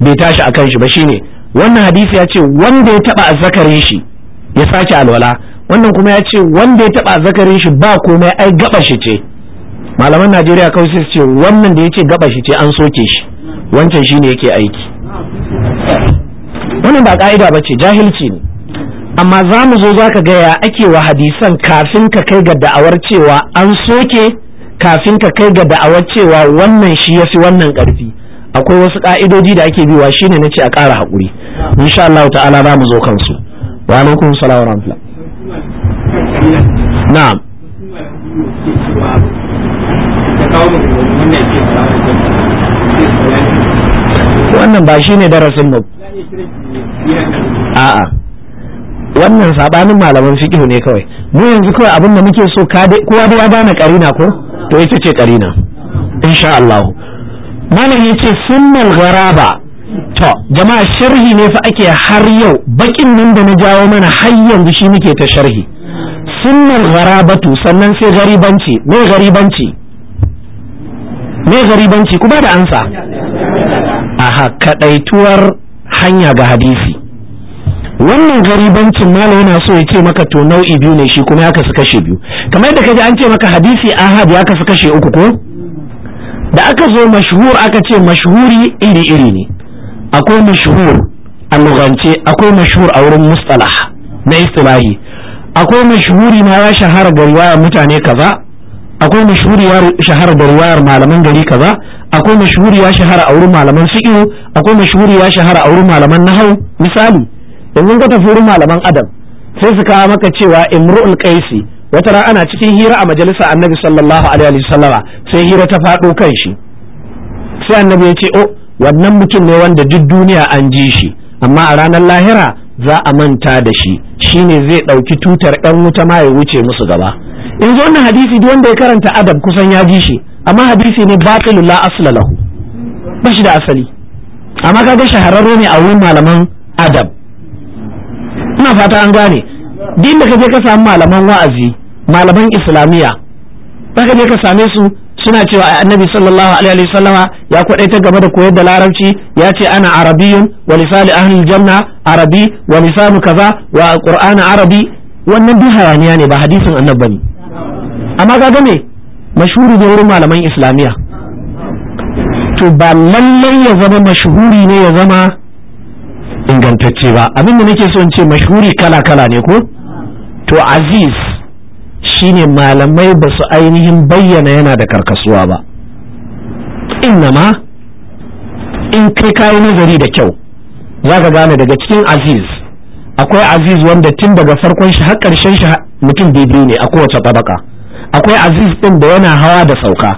bai tashi akan shi ba shine wannan hadisi ya ce wanda ya taba azzakarin shi ya sake alwala wannan kuma ya ce wanda ya taba azzakarin shi ba komai ai gaba shi ce malaman Najeriya kawai sai su ce wannan da yace gaba shi ce an soke shi wancan shine yake aiki wannan ba ka'ida bace jahilci ne amma za mu zo zaka ga ya ake wa hadisan kafin ka kai ga da'awar cewa an soke kafin ka kai ga da'awar cewa wannan shi ya fi wannan karfi akwai wasu ka'idoji da ake biwa shine nace a ƙara hakuri insha Allah ta'ala za mu zo kansu wa alaikum salaam wa rahmatullah na'am wannan ba shine darasin mu a'a wannan sabanin malaman fiqh ne kawai mu yanzu kawai abin da muke so kowa da ya bana karina ko to ita ce karina insha Allah malam ya ce sunnal gharaba to jama'a sharhi ne fa ake har yau bakin nan da na jawo mana har yanzu shi muke ta sharhi sunnal gharabatu sannan sai garibanci me garibanci me garibanci kuma da ansa aha kadaituwar hanya ga hadisi wannan garibancin malam yana so ya ce maka to nau'i biyu ne shi kuma ya kasu kashe biyu kamar yadda kaji an ce maka hadisi ahad ya kasu kashe uku ko da aka zo mashhur aka ce mashhuri iri-iri ne akwai mashhur a lugance akwai mashhur a wurin mustalah na istilahi akwai mashhuri na ya shahara da riwayar mutane kaza akwai mashhuri ya shahara da riwayar malaman gari kaza akwai mashhuri ya shahara a wurin malaman fiqh akwai mashhuri ya shahara a wurin malaman nahau misali yanzu ka tafi wurin malaman adam sai su kawo maka cewa imru'ul qaisi wata rana ana cikin hira a majalisa annabi sallallahu alaihi wasallama sai hira ta faɗo kan shi sai annabi ya ce oh wannan mutum ne wanda duk duniya an ji shi amma a ranar lahira za a manta da shi shine zai ɗauki tutar ɗan wuta ma ya wuce musu gaba yanzu wannan hadisi duk wanda ya karanta adab kusan ya ji shi amma hadisi ne batilu la asla lahu ba shi da asali amma kaga shahararre ne a wurin malaman adab ina fata an gane din da kaje ka samu malaman wa'azi malaman islamiyya ba kaje ka same su suna cewa annabi sallallahu alaihi wasallama ya ta game da koyar da larabci ya ce ana arabiyun wa lisali ahli janna arabi wa lisanu kaza wa qur'ana arabi wannan duk hayaniya ne ba hadisin annabi bane amma kaga game mashhuri da wurin malaman islamiyya to ba lallai ya zama mashhuri ne ya zama ingantacce ba abin da nake so in ce mashhuri kala kala ne ko to aziz shine malamai ba su ainihin bayyana yana da karkasuwa ba ma in kai kayi nazari da kyau za ka gane daga cikin aziz akwai aziz wanda tun daga farkon shi har karshen shi mutum biyu ne a kowace tabaka akwai aziz ɗin da yana hawa da sauka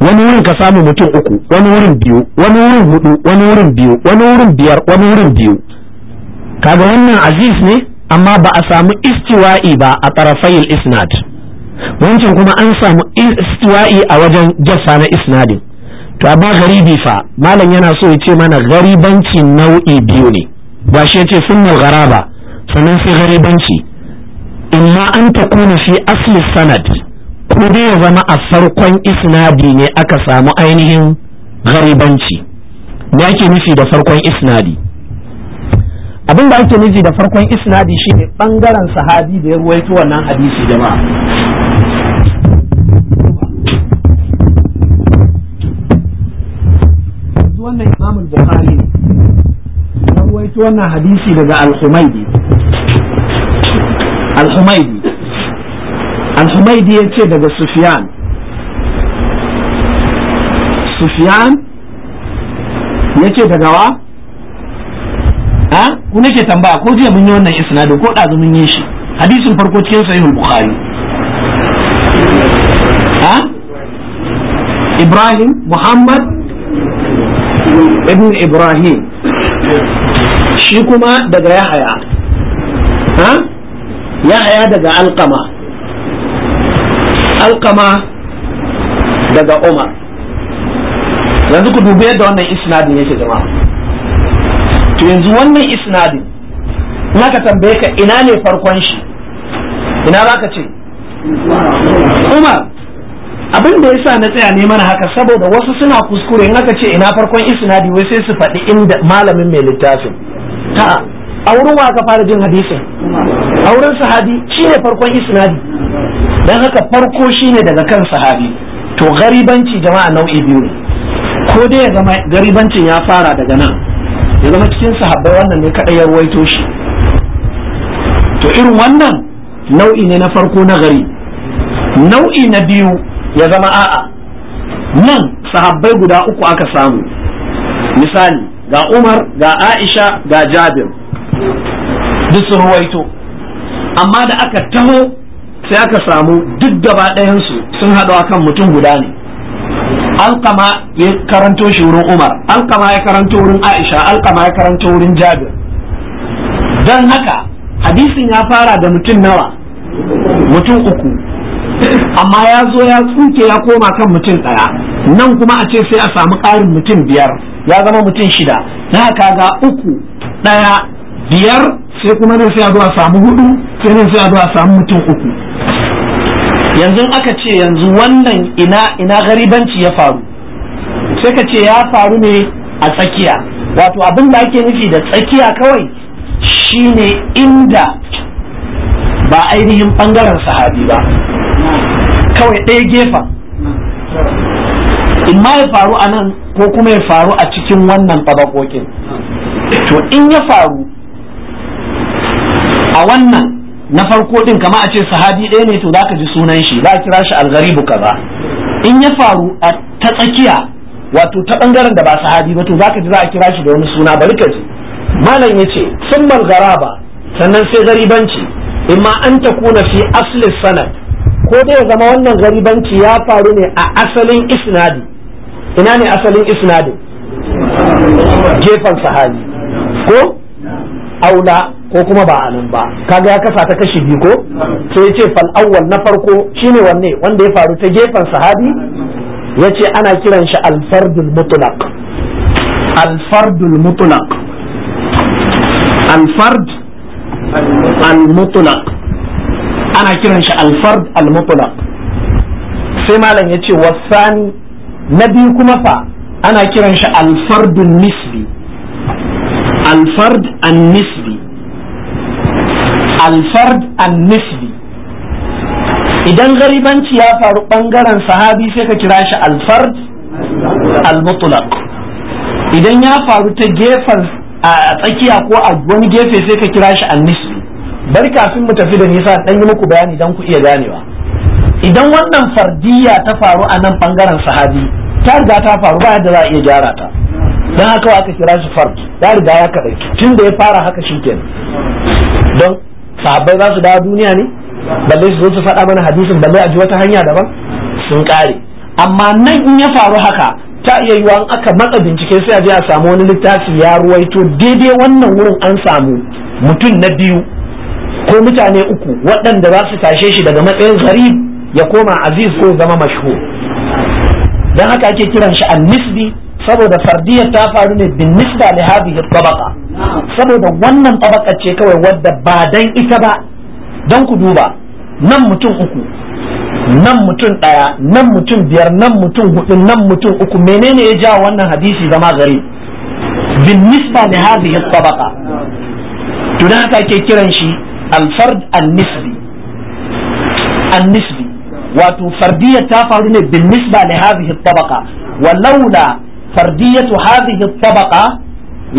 wani wurin ka samu mutum uku wani wurin biyu wani wurin hudu wani wurin biyu wani wurin biyar wani wurin biyu kaga wannan aziz ne amma ba a samu istiwa'i ba a tarafayil isnad wancan kuma an samu istiwa'i a wajen jaffa na isnadin to amma garibi fa malam yana so ya ce mana garibanci nau'i biyu ne shi ya ce sunnal garaba sannan sai garibanci imma an ta kuna fi asli sanad ko dai ya zama a farkon isnadi ne aka samu ainihin garibanci me ake nufi da farkon isnadi abin da ake nufi da farkon isnadi ne bangaren sahabi da ya ruwaito wannan hadisi jama'a wannan imam bukhari ya ruwaito wannan hadisi daga al-humaydi al-humaydi al-humaydi yace daga sufyan sufyan yace daga wa ha ku nake tambaya ko jiya mun yi wannan isnadin ko da mun yi shi hadisin farko cikin sahihul bukhari ha ibrahim muhammad ibn ibrahim shi kuma daga yahaya ha yahaya daga alkama alqama daga umar yanzu ku dubi yadda wannan isnadin yake jama'a to yanzu wannan isnadin na ka tambaye ka ina ne farkon shi ina za ka ce umar abin da yasa na tsaya neman haka saboda wasu suna kuskure in aka ce ina farkon isnadi wai sai su faɗi inda malamin mai littafin ta a wurin wa aka fara jin hadisin a wurin sahabi shine farkon isnadi dan haka farko shine daga kan sahabi to garibanci jama'a nau'i biyu ne ko dai ya zama garibancin ya fara daga nan ya zama cikin sahabbai wannan ne kaɗai ya ruwaito shi to irin wannan nau'i ne na farko na gari nau'i na biyu ya zama a'a nan sahabbai guda uku aka samu misali ga umar ga aisha ga jabir duk sun ruwaito amma da aka taho sai aka samu duk gaba ɗayansu sun haɗu akan mutum guda ne alkama ya karanto shi wurin umar alkama ya karanto wurin aisha alkama ya karanto wurin jabir don haka hadisin ya fara da mutum nawa mutum uku amma ya zo ya tsuke ya koma kan mutum daya nan kuma a ce sai a samu ƙarin mutum biyar ya zama mutum shida na haka ga uku daya biyar sai kuma nan sai a zo a samu hudu sai nan sai a zo a samu mutum uku yanzu aka ce yanzu wannan ina ina garibanci ya faru sai ka ce ya faru ne a tsakiya wato abin da ake nufi da tsakiya kawai shine inda ba ainihin bangaren sahabi ba kawai ɗaya gefen in ma ya faru a nan ko kuma ya faru a cikin wannan tabakokin to in ya faru a wannan na farko din kama a ce sahabi ɗaya ne to za ka ji sunan shi za a kira shi algaribu kaza in ya faru a ta tsakiya wato ta ɓangaren da ba sahabi ba to za ka ji za a kira shi da wani suna bari ka ji malam ya ce sun garaba sannan sai garibanci ma an ta kuna fi asli sanad ko dai ya zama wannan garibanci ya faru ne a asalin isnadi ina ne asalin isnadin gefen sahabi ko aula ko kuma ba anan ba kaga ya kasa ta kashi biyu ko sai yace fal awwal na farko shine wanne wanda ya faru ta gefen sahabi yace ana kiran shi al fardul mutlaq al fardul mutlaq al fard al mutlaq ana kiran shi al fard al mutlaq sai malam yace wasani na biyu kuma fa ana kiran shi al fardul misli alfard annisbi alfard annisbi idan garibanci ya faru bangaren sahabi sai ka kira shi alfard almutlaq idan ya faru ta gefen a tsakiya ko a wani gefe sai ka kira shi annisbi bari kafin mu tafi da nisa dan yi muku bayani dan ku iya ganewa idan wannan fardiyya ta faru a nan bangaren sahabi ta riga ta faru ba yadda za a iya gyara ta dan haka aka kira shi fard ya riga ya kaɗai tun da ya fara haka shi shikenan don sahabbai za su dawo duniya ne balle su zo su faɗa mana hadisin balle a ji wata hanya daban sun kare amma nan in ya faru haka ta iya yiwuwa an aka matsa bincike sai a je a samu wani littafi ya ruwaito daidai wannan wurin an samu mutum na biyu ko mutane uku waɗanda za su tashe shi daga matsayin gharib ya koma aziz ko zama mashhur don haka ake kiran shi nisbi saboda fardiyar ta faru ne bin nisba li hadhihi tabaqa saboda wannan tabaka ce kawai wadda ba dan ita ba dan ku duba nan mutum uku nan mutum daya nan mutum biyar nan mutum hudu nan mutum uku menene ya ja wannan hadisi zama gari bin nisba li hadhihi tabaqa to dan haka ake kiran shi al-fard an-nisbi an-nisbi wato fardiyar ta faru ne bin nisba li hadhihi tabaqa walaula fardiyatu hadhihi tabaqa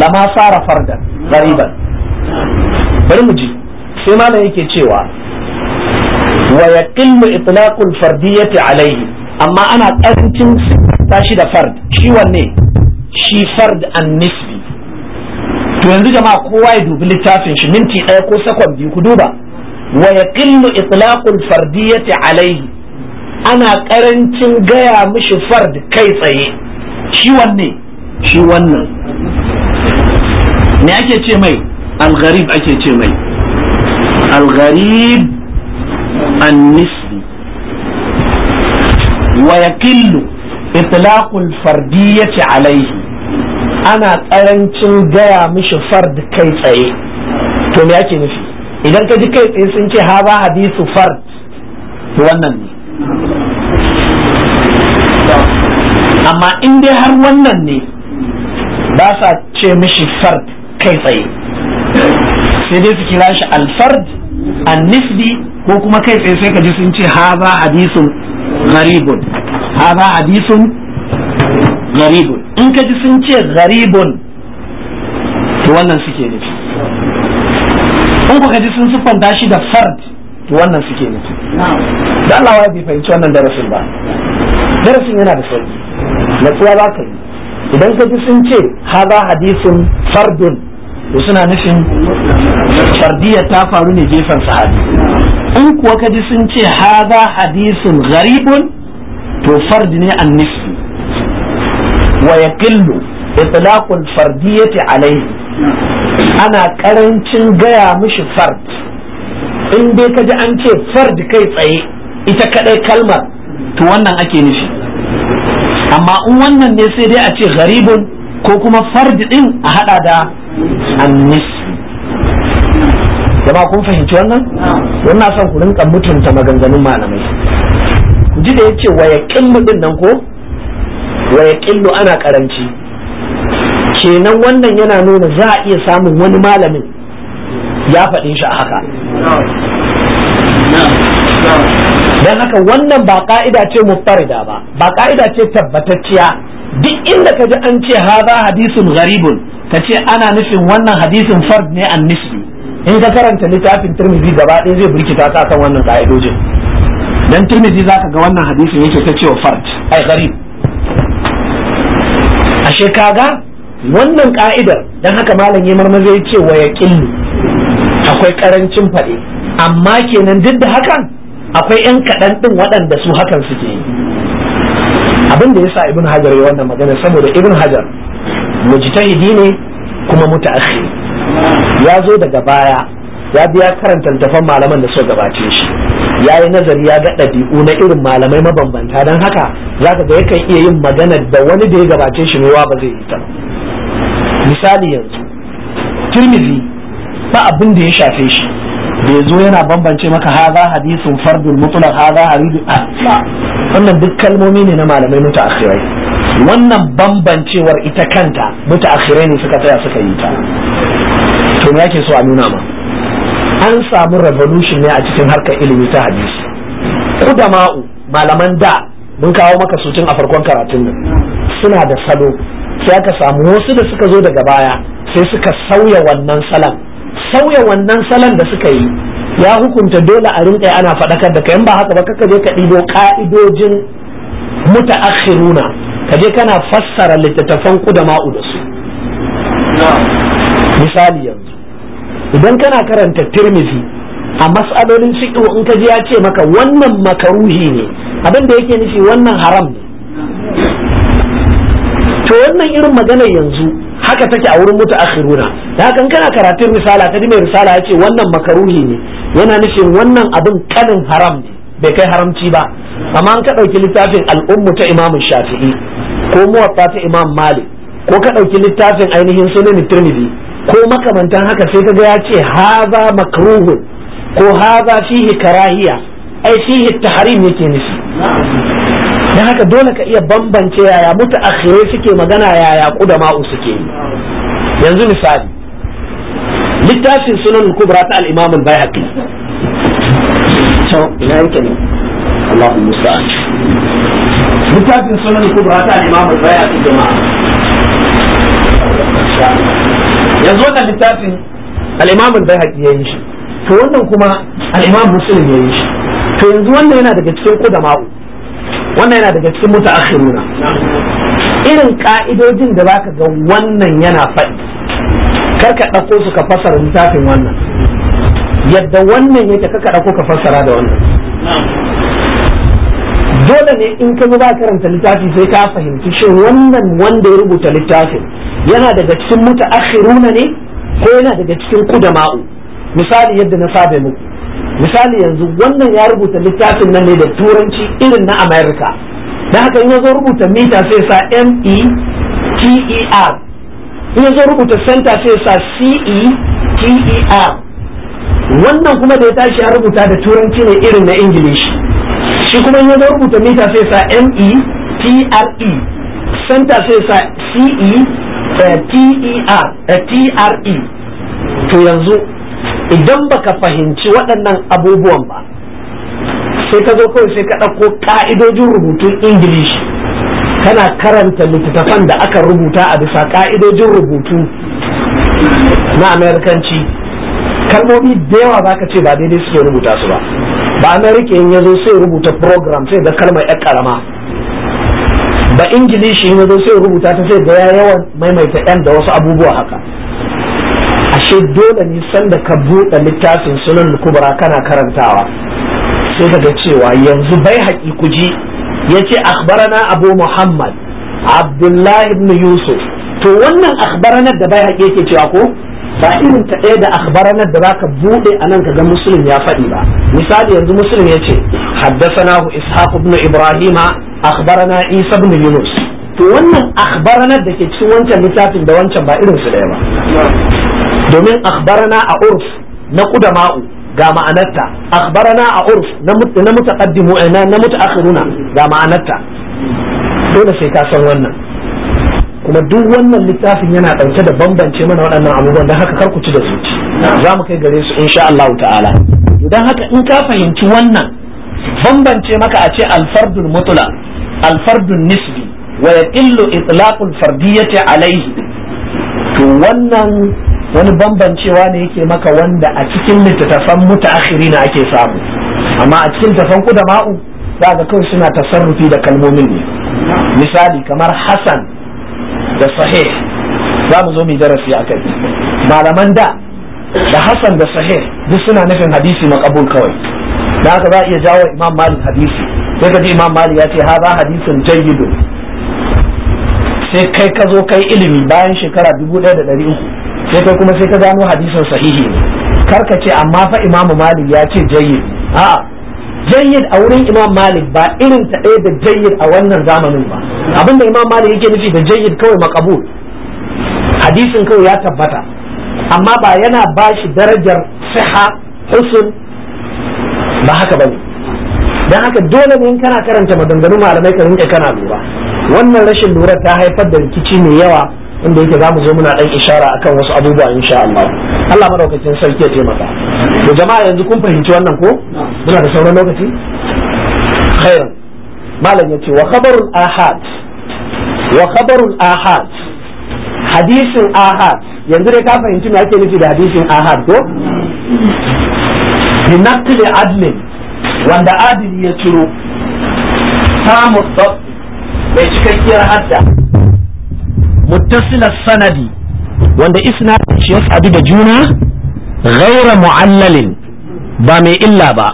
lama sara fardan gariban bari ji sai malam yake cewa wa yaqillu itlaqul fardiyati alayhi amma ana karancin ta shi fard shi ne shi fard an nisbi to yanzu jama'a kowa ya dubi littafin shi minti ɗaya ko sakon biyu ku duba wa yaqillu itlaqul fardiyati alayhi ana ƙarancin gaya mishi fard kai tsaye ciwon ne shi wannan me ake ce mai Algarib ake ce mai algharib annisbi wa yaqillu itlaqul fardiyyati alayhi ana karancin gaya mishi fard kai tsaye to me ake nufi idan ka ji kai tsaye sun ce ha ba hadisu fard to wannan ne amma in dai har wannan ne ba sa ce mishi fard kai tsaye sai dai su kira shi alfard nisbi ko kuma kai tsaye sai ka ji sun ce haza hadisun gharibun haza hadisun gharibun in ka ji sun ce gharibun to wannan suke nufi in kuka ji sun siffanta shi da fard to wannan suke nufi da Allah ya bi fahimci wannan darasin ba darasin yana da sauki natsuwa za ka yi idan ka ji sun ce haza hadisin fardun to suna nufin fardiya ta faru ne gefen sahabi in kuwa ka ji sun ce haza hadisin gharibun to fard ne an nufi. wa yaqillu itlaqul fardiyati alayhi ana karancin gaya mishi fard in dai ka ji an ce fard kai tsaye ita kadai kalmar to wannan ake nufi amma in wannan ne sai dai a ce garibun ko kuma fardi din a hada da annis jama'a kun fahimci wannan wannan son ku rinka mutunta maganganun malamai ku ji da yace waya killu din nan ko waya killu ana karanci kenan wannan yana nuna za a iya samun wani malamin ya faɗin shi a haka dan haka wannan ba ka'ida ce mufarida ba ba ka'ida ce tabbatacciya duk inda ka ji an ce za hadisun gharibun ka ce ana nufin wannan hadisin fard ne an nufi. in ka karanta littafin turmizi gaba ɗaya zai burkita ta kan wannan ka'idojin turmizi za ka ga wannan hadisin yake ta cewa fard ai garib a shekaga wannan ka'idar don haka malam ya marmaza zai ce wa yaqillu akwai karancin faɗi amma kenan duk da hakan akwai yan kaɗan ɗin waɗanda su hakan suke yi abin da ya sa ibn hajar ya wannan magana saboda ibn hajar mujtahidi ne kuma mutaakhir ya zo daga baya ya biya karanta littafan malaman da suka gabace shi ya yi nazari ya ga ɗabi'u na irin malamai mabambanta don haka za ka ga yakan iya yin magana da wani da ya gabace shi ne ba zai yi ta misali yanzu tirmizi ba abin da ya shafe shi bai zo yana bambance maka haza hadisin fardul mutlaq haza haridu wannan duk kalmomi ne na malamai mutaakhirai wannan bambancewar ita kanta mutaakhirai ne suka tsaya suka yi ta to me yake so a nuna ma an samu revolution ne a cikin harkar ilimi ta hadisi kudama'u malaman da mun kawo maka tun a farkon karatun nan suna da salo sai aka samu wasu da suka zo daga baya sai suka sauya wannan salon sauya wannan salon da suka yi ya hukunta dole a rinka ana faɗakar da kai ba haka ba kaka je ka ɗibo ƙa'idojin muta'akhiruna ka je kana fassara littattafan ku da su misali yanzu idan kana karanta tirmizi a mas'alolin fiqh in ka ji ya ce maka wannan makaruhi ne abin da yake nufi wannan haram ne to wannan irin maganar yanzu haka take a wurin mutu akhiruna da kan kana karatun risala ta mai risala ya ce wannan makaruhi ne yana nufin wannan abin kanin haram ne bai kai haramci ba amma an ka ɗauki littafin al'ummu ta imamu shafi'i ko muwatta ta imam malik ko ka ɗauki littafin ainihin sunan tirmidhi ko makamantan haka sai kaga ya ce haza makruhun ko haza fihi karahiya ai fihi tahrim yake nufi dan haka dole ka iya bambance yaya mutaakhire suke magana yaya qudama'u suke yanzu misali littafin sunan kubra ta al-imam al-baihaqi ina yake ne Allahu musta'an littafin sunan kubra ta al-imam al bayhaqi jama'a yanzu wannan littafin al-imam al bayhaqi yayin shi to wannan kuma al-imam muslim yayin shi to yanzu wannan yana daga cikin qudama'u wannan yana daga cikin akhiruna irin ka'idojin da zaka ga wannan yana faɗi karka ɗauko su ka fassara littafin wannan yadda wannan yake kaka ɗauko ka fassara da wannan dole ne in ka ba karanta littafi sai ka fahimci shin wannan wanda ya rubuta littafin yana daga cikin akhiruna ne ko yana daga cikin kudama'u misali yadda na saba muku misali yanzu wannan ya rubuta littafin nan ne da turanci irin na america da haka in zo rubuta mita sai sa m e t e r in zo rubuta center sai sa c e t e r wannan kuma da ya tashi ya rubuta da turanci ne irin na ingilishi shi kuma in zo rubuta mita sai sa m e t r e center sai sa c e eh, t e r eh, t r e to yanzu idan baka fahimci waɗannan abubuwan ba sai ka zo kawai sai ka ɗauko ƙa'idojin rubutun ingilishi kana karanta littattafan da aka rubuta a bisa ƙa'idojin rubutu na amerikanci kalmomi da yawa za ka ce ba daidai suke rubuta su ba ba amerika yin yazo sai rubuta program sai ga kalmar ya karama ba ingilishi yin yazo sai rubuta ta sai ga yawan maimaita yan da wasu abubuwa haka ashe dole ne sanda ka buɗe littafin sunan kubra kana karantawa sai ka ga cewa yanzu bai haƙi kuji ya ce akhbarana abu muhammad abdullahi ibn yusuf to wannan akhbaranar da bai haƙi yake cewa ko ba irin ta ɗaya da akhbaranar da zaka buɗe a nan ga musulun ya faɗi ba misali yanzu musulun ya ce haddasanahu ishaq ibn ibrahima akhbarana isa ibn yunus to wannan akhbaranar da ke cikin wancan littafin da wancan ba irin su ɗaya ba domin akhbarana a urf na qudama'u ga ma'anarta akhbarana a urf na mutaqaddimu eh, na na mutaakhiruna ga ma'anarta dole sai ka san wannan kuma duk wannan littafin yana ɗauke da bambance mana waɗannan abubuwan don haka karku ci da su. za mu kai gare su insha Allah ta'ala Idan haka in ka fahimci wannan bambance maka a ce alfardun mutula alfardun nisbi wa illu itlaqul fardiyyati alayhi to wannan wani bambancewa ne yake maka wanda a cikin littattafan na ake samu amma a cikin tafan kudama'u za ga kawai suna tasarrufi da kalmomin ne misali kamar hasan da sahih za mu zo mu darasi a kai malaman da da hasan da sahih duk suna nufin hadisi makabul kawai da haka za a iya jawo imam malik hadisi sai ka ji imam malik ya ce haza hadisin jayyidu sai kai ka zo kai ilimi bayan shekara dubu ɗaya da ɗari uku sai kai kuma sai ka gano hadisin sahihi ne Kar ka ce amma fa Imam malik ya ce jayyid a'a jayyid a wurin imam malik ba irin ta ɗaya da jayyid a wannan zamanin ba Abin da imam malik yake nufi da jayyid kawai makabul hadisin kawai ya tabbata amma ba yana ba shi darajar siha husn ba haka bane dan haka dole ne in kana karanta maganganu malamai ka rinka kana lura wannan rashin lura ta haifar da rikici mai yawa inda yake mu zo muna dan ishara akan wasu abubuwa insha Allah Allah madaukakin sarki ya taimaka to jama'a yanzu kun fahimci wannan ko muna da sauran lokaci khairan malam yace wa khabarul ahad wa khabarul ahad hadisin ahad yanzu dai ka fahimci me ake nufi da hadisin ahad ko bi naqli adlin wanda adili ya ciro samu mai cikakkiyar hadda متصل sanadi wanda isnadin shi ya sadu da juna ghaira mu'allalin ba mai illa ba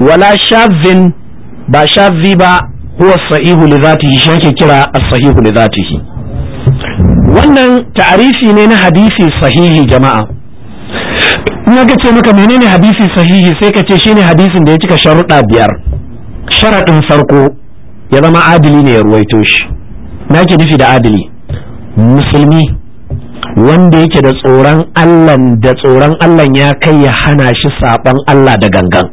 wala shazin ba shazi ba huwa sahihu li zatihi kira wannan ta'arifi ne na hadisi sahihi jama'a in ka ce maka menene hadisi sahihi sai ka ce shine hadisin da ya cika sharuɗa biyar sharaɗin farko ya zama adili ne ya ruwaito shi na ke nufi da adili musulmi wanda yake da tsoron Allah da tsoron Allah ya kai ya hana shi saban Allah da gangan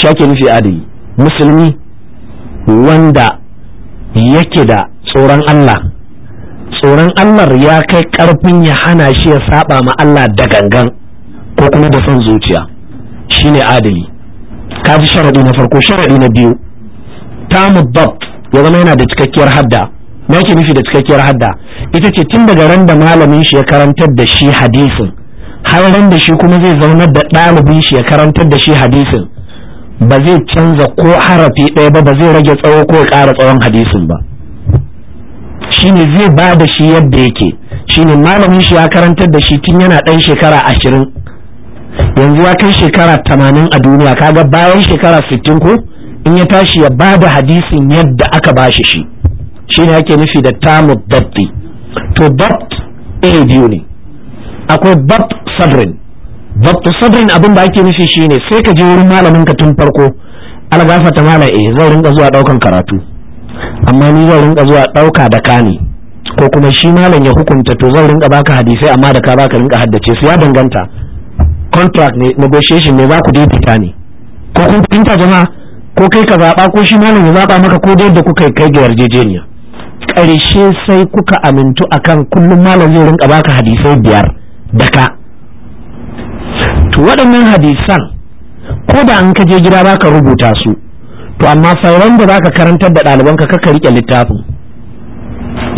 shake nufi adi musulmi wanda yake da tsoron Allah tsoron Allah ya kai karfin ya hana shi ya saba ma Allah da gangan ko kuma da son zuciya shine adali kafi sharadi na farko sharadi na biyu tamu bab ya zama yana da cikakkiyar hadda me yake nufi da cikakkiyar hadda ita ce tun daga ran da malamin shi ya karantar da shi hadisin har ran da shi kuma zai zaunar da ɗalibin shi ya karantar da shi hadisin ba zai canza ko harafi ɗaya ba ba zai rage tsawo ko ya ƙara tsawon hadisin ba shine zai ba da shi yadda yake shine malamin shi ya karantar da shi tun yana ɗan shekara ashirin yanzu ya kai shekara tamanin a duniya kaga bayan shekara sittin ko in ya tashi ya ba da hadisin yadda aka ba shi shi shine ake nufi da tamu dabti to dabt iri biyu ne akwai dabt sadrin dabt sadrin abin da ake nufi shine sai ka je wurin malamin ka tun farko ta mala eh zan rinka zuwa daukan karatu amma ni zan rinka zuwa dauka da kani ko kuma shi malam ya hukunta to zan rinka baka hadisai amma da ka baka rinka haddace su ya danganta contract ne negotiation ne za ku fita ne ko kun fahimta jama'a ko kai ka zaɓa ko shi malam ya zaɓa maka ko da yadda kuka kai ga yarjejeniya ƙarshe sai kuka amintu a kan kullum malam zai rinka ka hadisai biyar daka to waɗannan hadisan ko da an ka je gida baka rubuta su to amma sauran da zaka karantar da ɗaliban ka riƙe littafin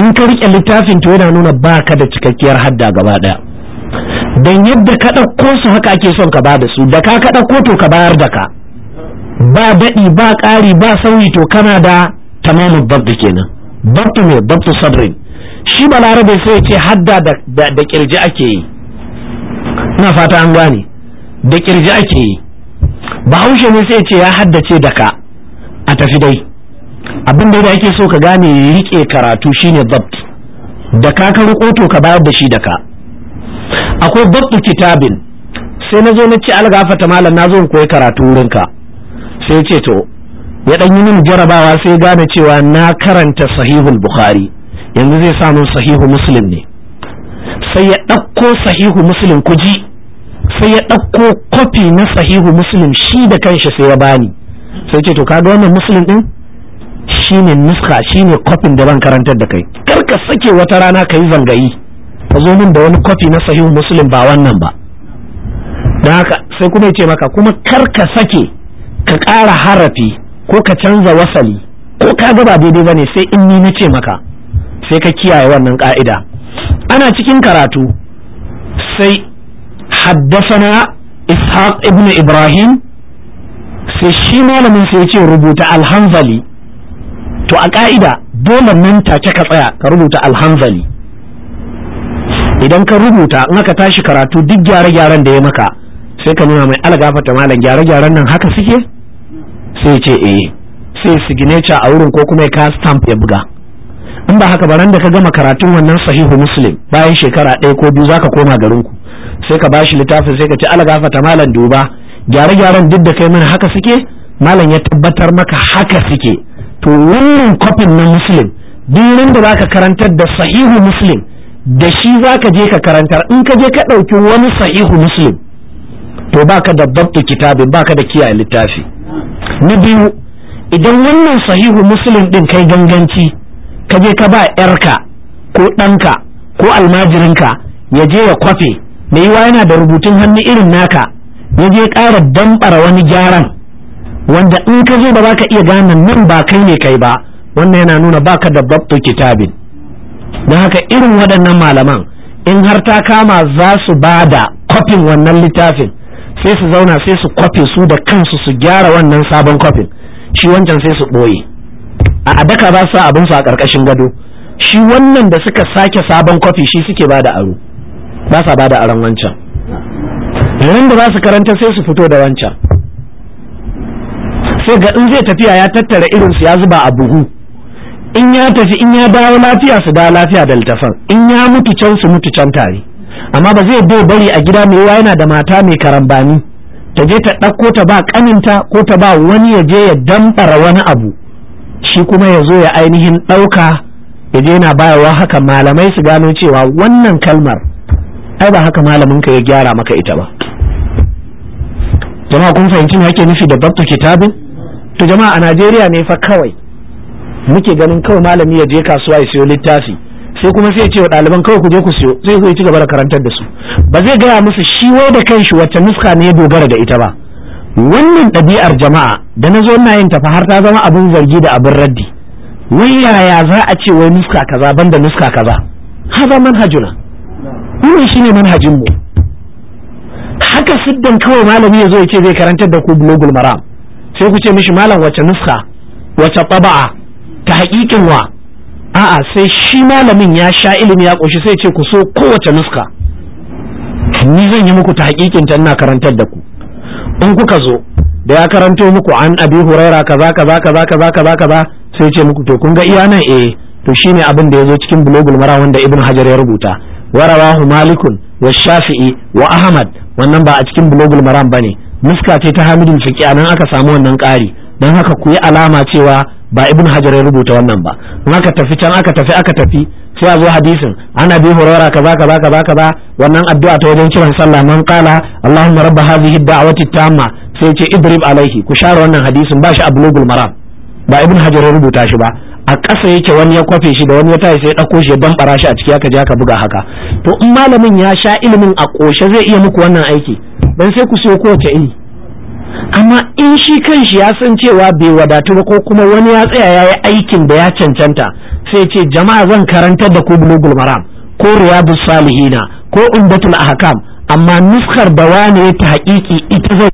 in ka riƙe littafin to yana nuna baka da cikakkiyar hadda gaba ɗaya dan yadda ka ɗauko su haka ake son ka bada su da ka ka ɗauko to ka bayar da ka ba daɗi ba ƙari ba sauyi to kana da tamamin babba kenan babtu ne babtu sabri shi balarabe sai ce hadda da kirji ake yi ina fata an gane da kirji ake yi bahaushe ne sai ce ya haddace da ka a tafi dai abin da ake so ka gane rike karatu shine dabt da ka ka rukoto ka bayar da shi da ka akwai dabtu kitabin sai na zo na ci algafata malam na zo in koyi karatu wurinka sai ce to ya ɗan yi min jarabawa sai gane cewa na karanta sahihul bukhari yanzu zai sa min sahihu muslim ne sai ya ɗauko sahihu muslim kuji sai ya ɗauko kwafi na sahihu muslim shi da kanshi sai ya bani sai ce to ka ga wannan muslim din ne nuska ne kwafin da ban karantar da kai kar ka sake wata rana ka yi zangayi ka zo min da wani kwafi na sahihu muslim ba wannan ba don haka sai kuma ya ce maka kuma kar ka sake ka ƙara harafi ko ka canza wasali ko ka ga ba daidai bane sai in ni na ce maka sai ka kiyaye wannan ka'ida ana cikin karatu sai haddasana ishaq ibn ibrahim sai shi malamin sai ce rubuta alhanzali to a ka'ida dole nan take ka tsaya ka rubuta alhanzali idan ka rubuta in aka tashi karatu duk gyare-gyaren da ya maka sai ka nuna mai algafata malam gyare-gyaren nan haka suke sai ce eh sai signature a wurin ko kuma ya ka stamp ya buga in ba haka baran da ka gama karatun wannan sahihu muslim bayan shekara ɗaya ko biyu zaka koma garin ku. sai ka bashi littafin sai ka ci alagasa ta malam duba gyare-gyaren duk da kai mana haka suke malam ya tabbatar maka haka suke to wannan kofin na muslim duk da zaka karantar da sahihu muslim da shi zaka je ka karantar in ka je ka ɗauki wani sahihu muslim to baka da dabta kitabin baka da kiyaye littafi na biyu idan wannan sahihu musulun ɗin kai ganganci ka je ka ba yarka ko ɗanka ko almajirinka ya je ya kwafe mai yiwa yana da rubutun hannu irin naka ya je ƙara damɓara wani gyaran wanda in ka zo ba za ka iya gane nan ba kai ne kai ba wannan yana nuna ba ka da babto kitabin don haka irin waɗannan malaman in har ta kama za su ba da kwafin wannan littafin sai su zauna sai su kwafe su da kansu su gyara wannan sabon kwafin shi wancan sai su ɓoye a adaka ba su abin su a ƙarƙashin gado shi wannan da suka sake sabon kwafi shi suke ba da aro ba sa ba aron wancan yayin da za su karanta sai su fito da wancan sai ga in zai tafiya ya tattara irin su ya zuba a buhu in ya tafi in ya dawo lafiya su dawo lafiya da littafan in ya mutu can su mutu can tare amma ba zai bai bari a gida mai yana da mata mai karambani ta je ta ɗauko ta ba ƙaninta ko ta ba wani ya je ya damɓara wani abu shi kuma ya zo ya ainihin ɗauka ya je yana bayawa haka malamai su gano cewa wannan kalmar ai ba haka malamin ka ya gyara maka ita ba jama'a kun fahimci me ake nufi da babtu kitabin to jama'a a Najeriya ne fa kawai muke ganin kawai malami ya je kasuwa ya siyo littafi sai kuma sai ce wa ɗaliban kawai ku je ku siyo zai zo ya ci gaba da karantar da su ba zai gaya musu shi wai da kanshi wacce nuska ne ya dogara da ita ba wannan ɗabi'ar jama'a da na zo ina yin tafa har ta zama abin zargi da abin raddi wai yaya za a ce wai nuska kaza banda nuska kaza haza manhajuna wannan shine manhajin mu haka siddan kawai malami ya zo ya ce zai karantar da ku bulogul maram sai ku ce mishi malam wacce nuska wacce taba'a ta haƙiƙin wa a'a sai shi malamin ya sha ilimi ya ƙoshi sai ce ku so kowace nuska ni zan yi muku ta hakikinta ina karantar da ku in kuka zo da ya karanto muku an abi huraira kaza kaza kaza kaza kaza kaza sai ce muku to kun ga iya nan eh to shine abin da yazo cikin bulogul mara wanda ibn hajar ya rubuta wa malikun wa shafi'i wa ahmad wannan ba a cikin bulogul maram bane nuska ce ta hamidin fiqi anan aka samu wannan ƙari dan haka ku yi alama cewa ba ibn hajar ya rubuta wannan ba in aka tafi can aka tafi aka tafi sai a zo hadisin ana bi horora kaza kaza kaza kaza wannan addu'a ta wajen kiran sallah man qala allahumma rabb hadhihi ad-da'wati tamma sai ce idrib alaihi ku share wannan hadisin ba shi a bulugul maram ba ibn hajar ya rubuta shi ba a ƙasa yake wani ya kwafe shi da wani ya tashi sai ya ɗauko shi ya bambara shi a ciki aka je aka buga haka to in malamin ya sha ilimin a ƙoshe zai iya muku wannan aiki dan sai ku siyo kowace iri amma in shi kanshi ya san cewa bai wadatu ba ko kuma wani ya tsaya ya yi aikin da ya cancanta sai ce jama'a zan karantar da ku bulugul maram ko riyadus salihina ko umbatul ahkam amma nuskar da wane ta haƙiƙi ita zai